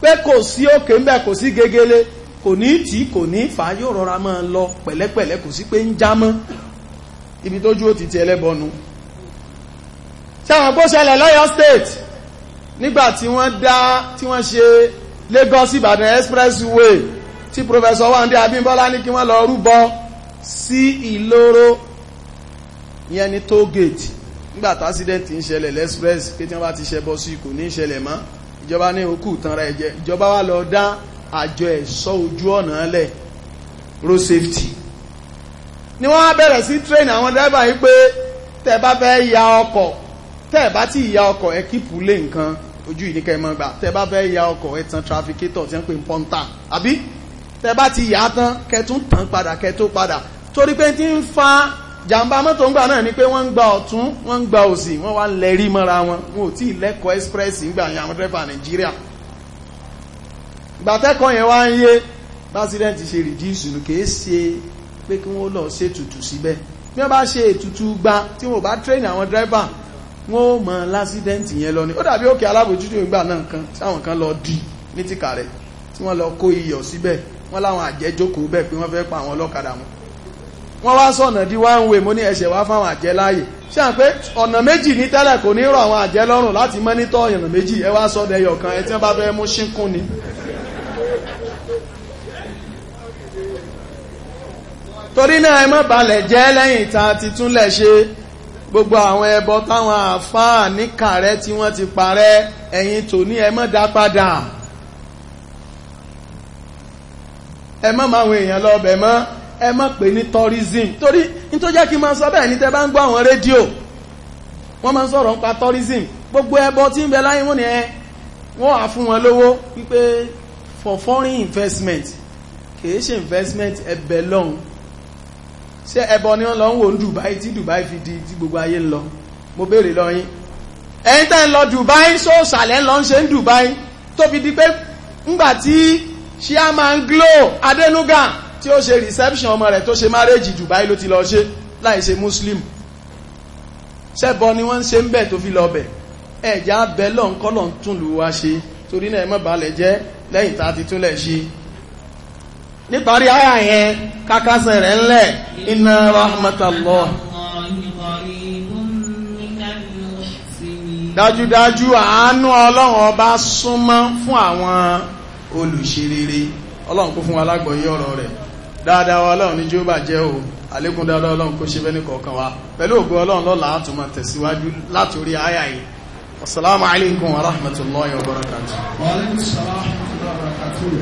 pé kò sí òkè ń bẹ̀ kò sí gegele kò ní tì kò ní fà á yóò rọra máa lọ pẹ̀lẹ́pẹ̀lẹ́ kò sí pé ń já mọ́ ibi tójú ó ti ti ẹlẹ́bọnu sẹ́wọ̀n kó ṣẹlẹ̀ lọ́yọ́ state nígbà tí wọ́n dá tí wọ́n ṣe Lagos Ìbàdàn expressway tí pòfẹ́sọ̀ Wándé Abímbọ́lá ní kí wọ́n lọ rúbọ sí ìloro yẹn ní tógèètì nígbà tí accident ń ṣẹlẹ̀ lẹ́sprẹ́s pé tí wọ́n bá ti ṣẹbọ sí kò ní ṣẹlẹ̀ mọ́ ìjọba ní òkú tanra ẹ̀jẹ̀ ìjọba wá lọ dá àjọ ẹ̀ṣọ́ ojú ọ̀nà lẹ̀ road safety ni wọ́n á bẹ̀rẹ̀ sí train àwọn driver yìí pé tẹ́ bá fẹ́ ya ọkọ̀ tẹ́ bá ti ya ọkọ̀ ẹ kíìpù lé nǹkan ojú ìníkẹ́ mọ́ gbà tẹ́ bá fẹ́ ya ọkọ̀ ẹ tan trafficator tí wọ́n pè ń pọ́ńtà àbí tẹ bá ti yà á tán kẹtún tàn padà kẹtó padà torí pé tí ń fa jàǹbá mọ́tò ń gbà náà ni pé wọ́n ń gba ọ̀tún wọ́n ń gba òsì wọ́n wá ń lẹ́rí mọ́ra wọn wọn ò tí ì lẹ́kọ̀ọ́ express ń gbà yàn àwọn dẹ́fà nàìjíríà ìgbàtẹ́kọ̀ọ́ yẹn wá ń yé pásídẹ́ǹtì ṣe rìdíìsù nù kìí ṣe pé kí wọ́n lọ ṣe ètùtù síbẹ̀ bí wọ́n bá ṣe ètùtù gba tí wọ́n bá tírẹ́nì àwọn dẹ́fà wọ́n ó mọ lásídẹ́ǹtì yẹn lọ ni ó dàbí òkè alábòjútó ìgbà náà kan tí kan lọ di ní tìkàrẹ̀ tí wọ́n lọ kó iyọ̀ síbẹ̀ wọ́n láwọn àjẹ́ jókòó bẹ́ẹ̀ pé wọ́n fẹ́ pa àwọn ọlọ́kadà wọn wọ́n wá sọ̀nà di one way mo ní ẹ̀ṣẹ̀ wá fáwọn àjẹ́ láàyè ṣé à ń pé ọ̀nà méjì ní tẹ́lẹ̀ kò ní rọ̀ àwọn àjẹ́ lọ́rùn láti mọ́nítọ́ ọ̀nà méjì ẹ wá sọ́dọ̀ ẹyọ kan ẹ tí wọ́n bá fẹ́ mú ṣínkún ni. torí náà ẹ má balẹ̀ jẹ́ lẹ́yìn tá a ti túnlẹ̀ ṣe gbogbo àwọn ẹbọ táwọn àáfàá níkàrẹ́ tí wọ́n ti parẹ́ ẹ̀yin tòní ẹ má dá padà. ẹ mọ́ máa àwọn èèyàn lọ bẹ̀ mọ́ ẹ pè ní tourism torí nítorí jẹ́ kí n máa sọ bẹ́ẹ̀ ní tẹ́ bá ń gbọ́ àwọn rédíò wọ́n máa sọ̀rọ̀ nípa tourism gbogbo ẹbọ tí ń bẹ láyé wọ́n ni ẹ wọ́n á fún wọn lówó wípé for foreign investment kìí ṣe investment ẹbẹ̀ lọ́hùn ṣé ẹbọ ni wọ́n lọ ń wò ní Dubai tí Dubai fi di tí gbogbo ayé ń lọ mo béèrè lọ yín ẹ̀yin tẹ́ ń lọ Dubai sóòsàlẹ̀ ń lọ ń ṣe ń Dubai tó fi di pé ńgbà tí chairman Glo Adenuga tí ó ṣe reception ọmọ rẹ̀ tó ṣe marriage Dubai ló ti lọ ṣe láì muslim ṣẹ́bọ ni wọ́n ń ṣe ń bẹ̀ tó fi lọ bẹ̀ ẹ̀já bẹ lọ́nkọ́lọ̀ tún lù wá ṣe torí náà mọ́ balẹ̀ jẹ́ lẹ́yìn tá a ti túnlẹ̀ ṣe níparí àyà yẹn kákásẹ̀ rẹ̀ ńlẹ̀ inna rahmatallah dájúdájú àánú ọlọ́run ọba súnmọ́ fún àwọn olùṣe rere ọlọ́run kó fún wa lágbọ̀ọ́yé ọ̀rọ̀ rẹ̀ dáadáa wa ọlọ́run ní jíóbà jẹ́ o àlékún dáadáa ọlọ́run kó ṣe bẹ́ni kọ̀ọ̀kan wa pẹ̀lú ògo ọlọ́run lọ́la á tún máa tẹ̀síwájú látòrí àyà yìí alaikum wa wa barakatuh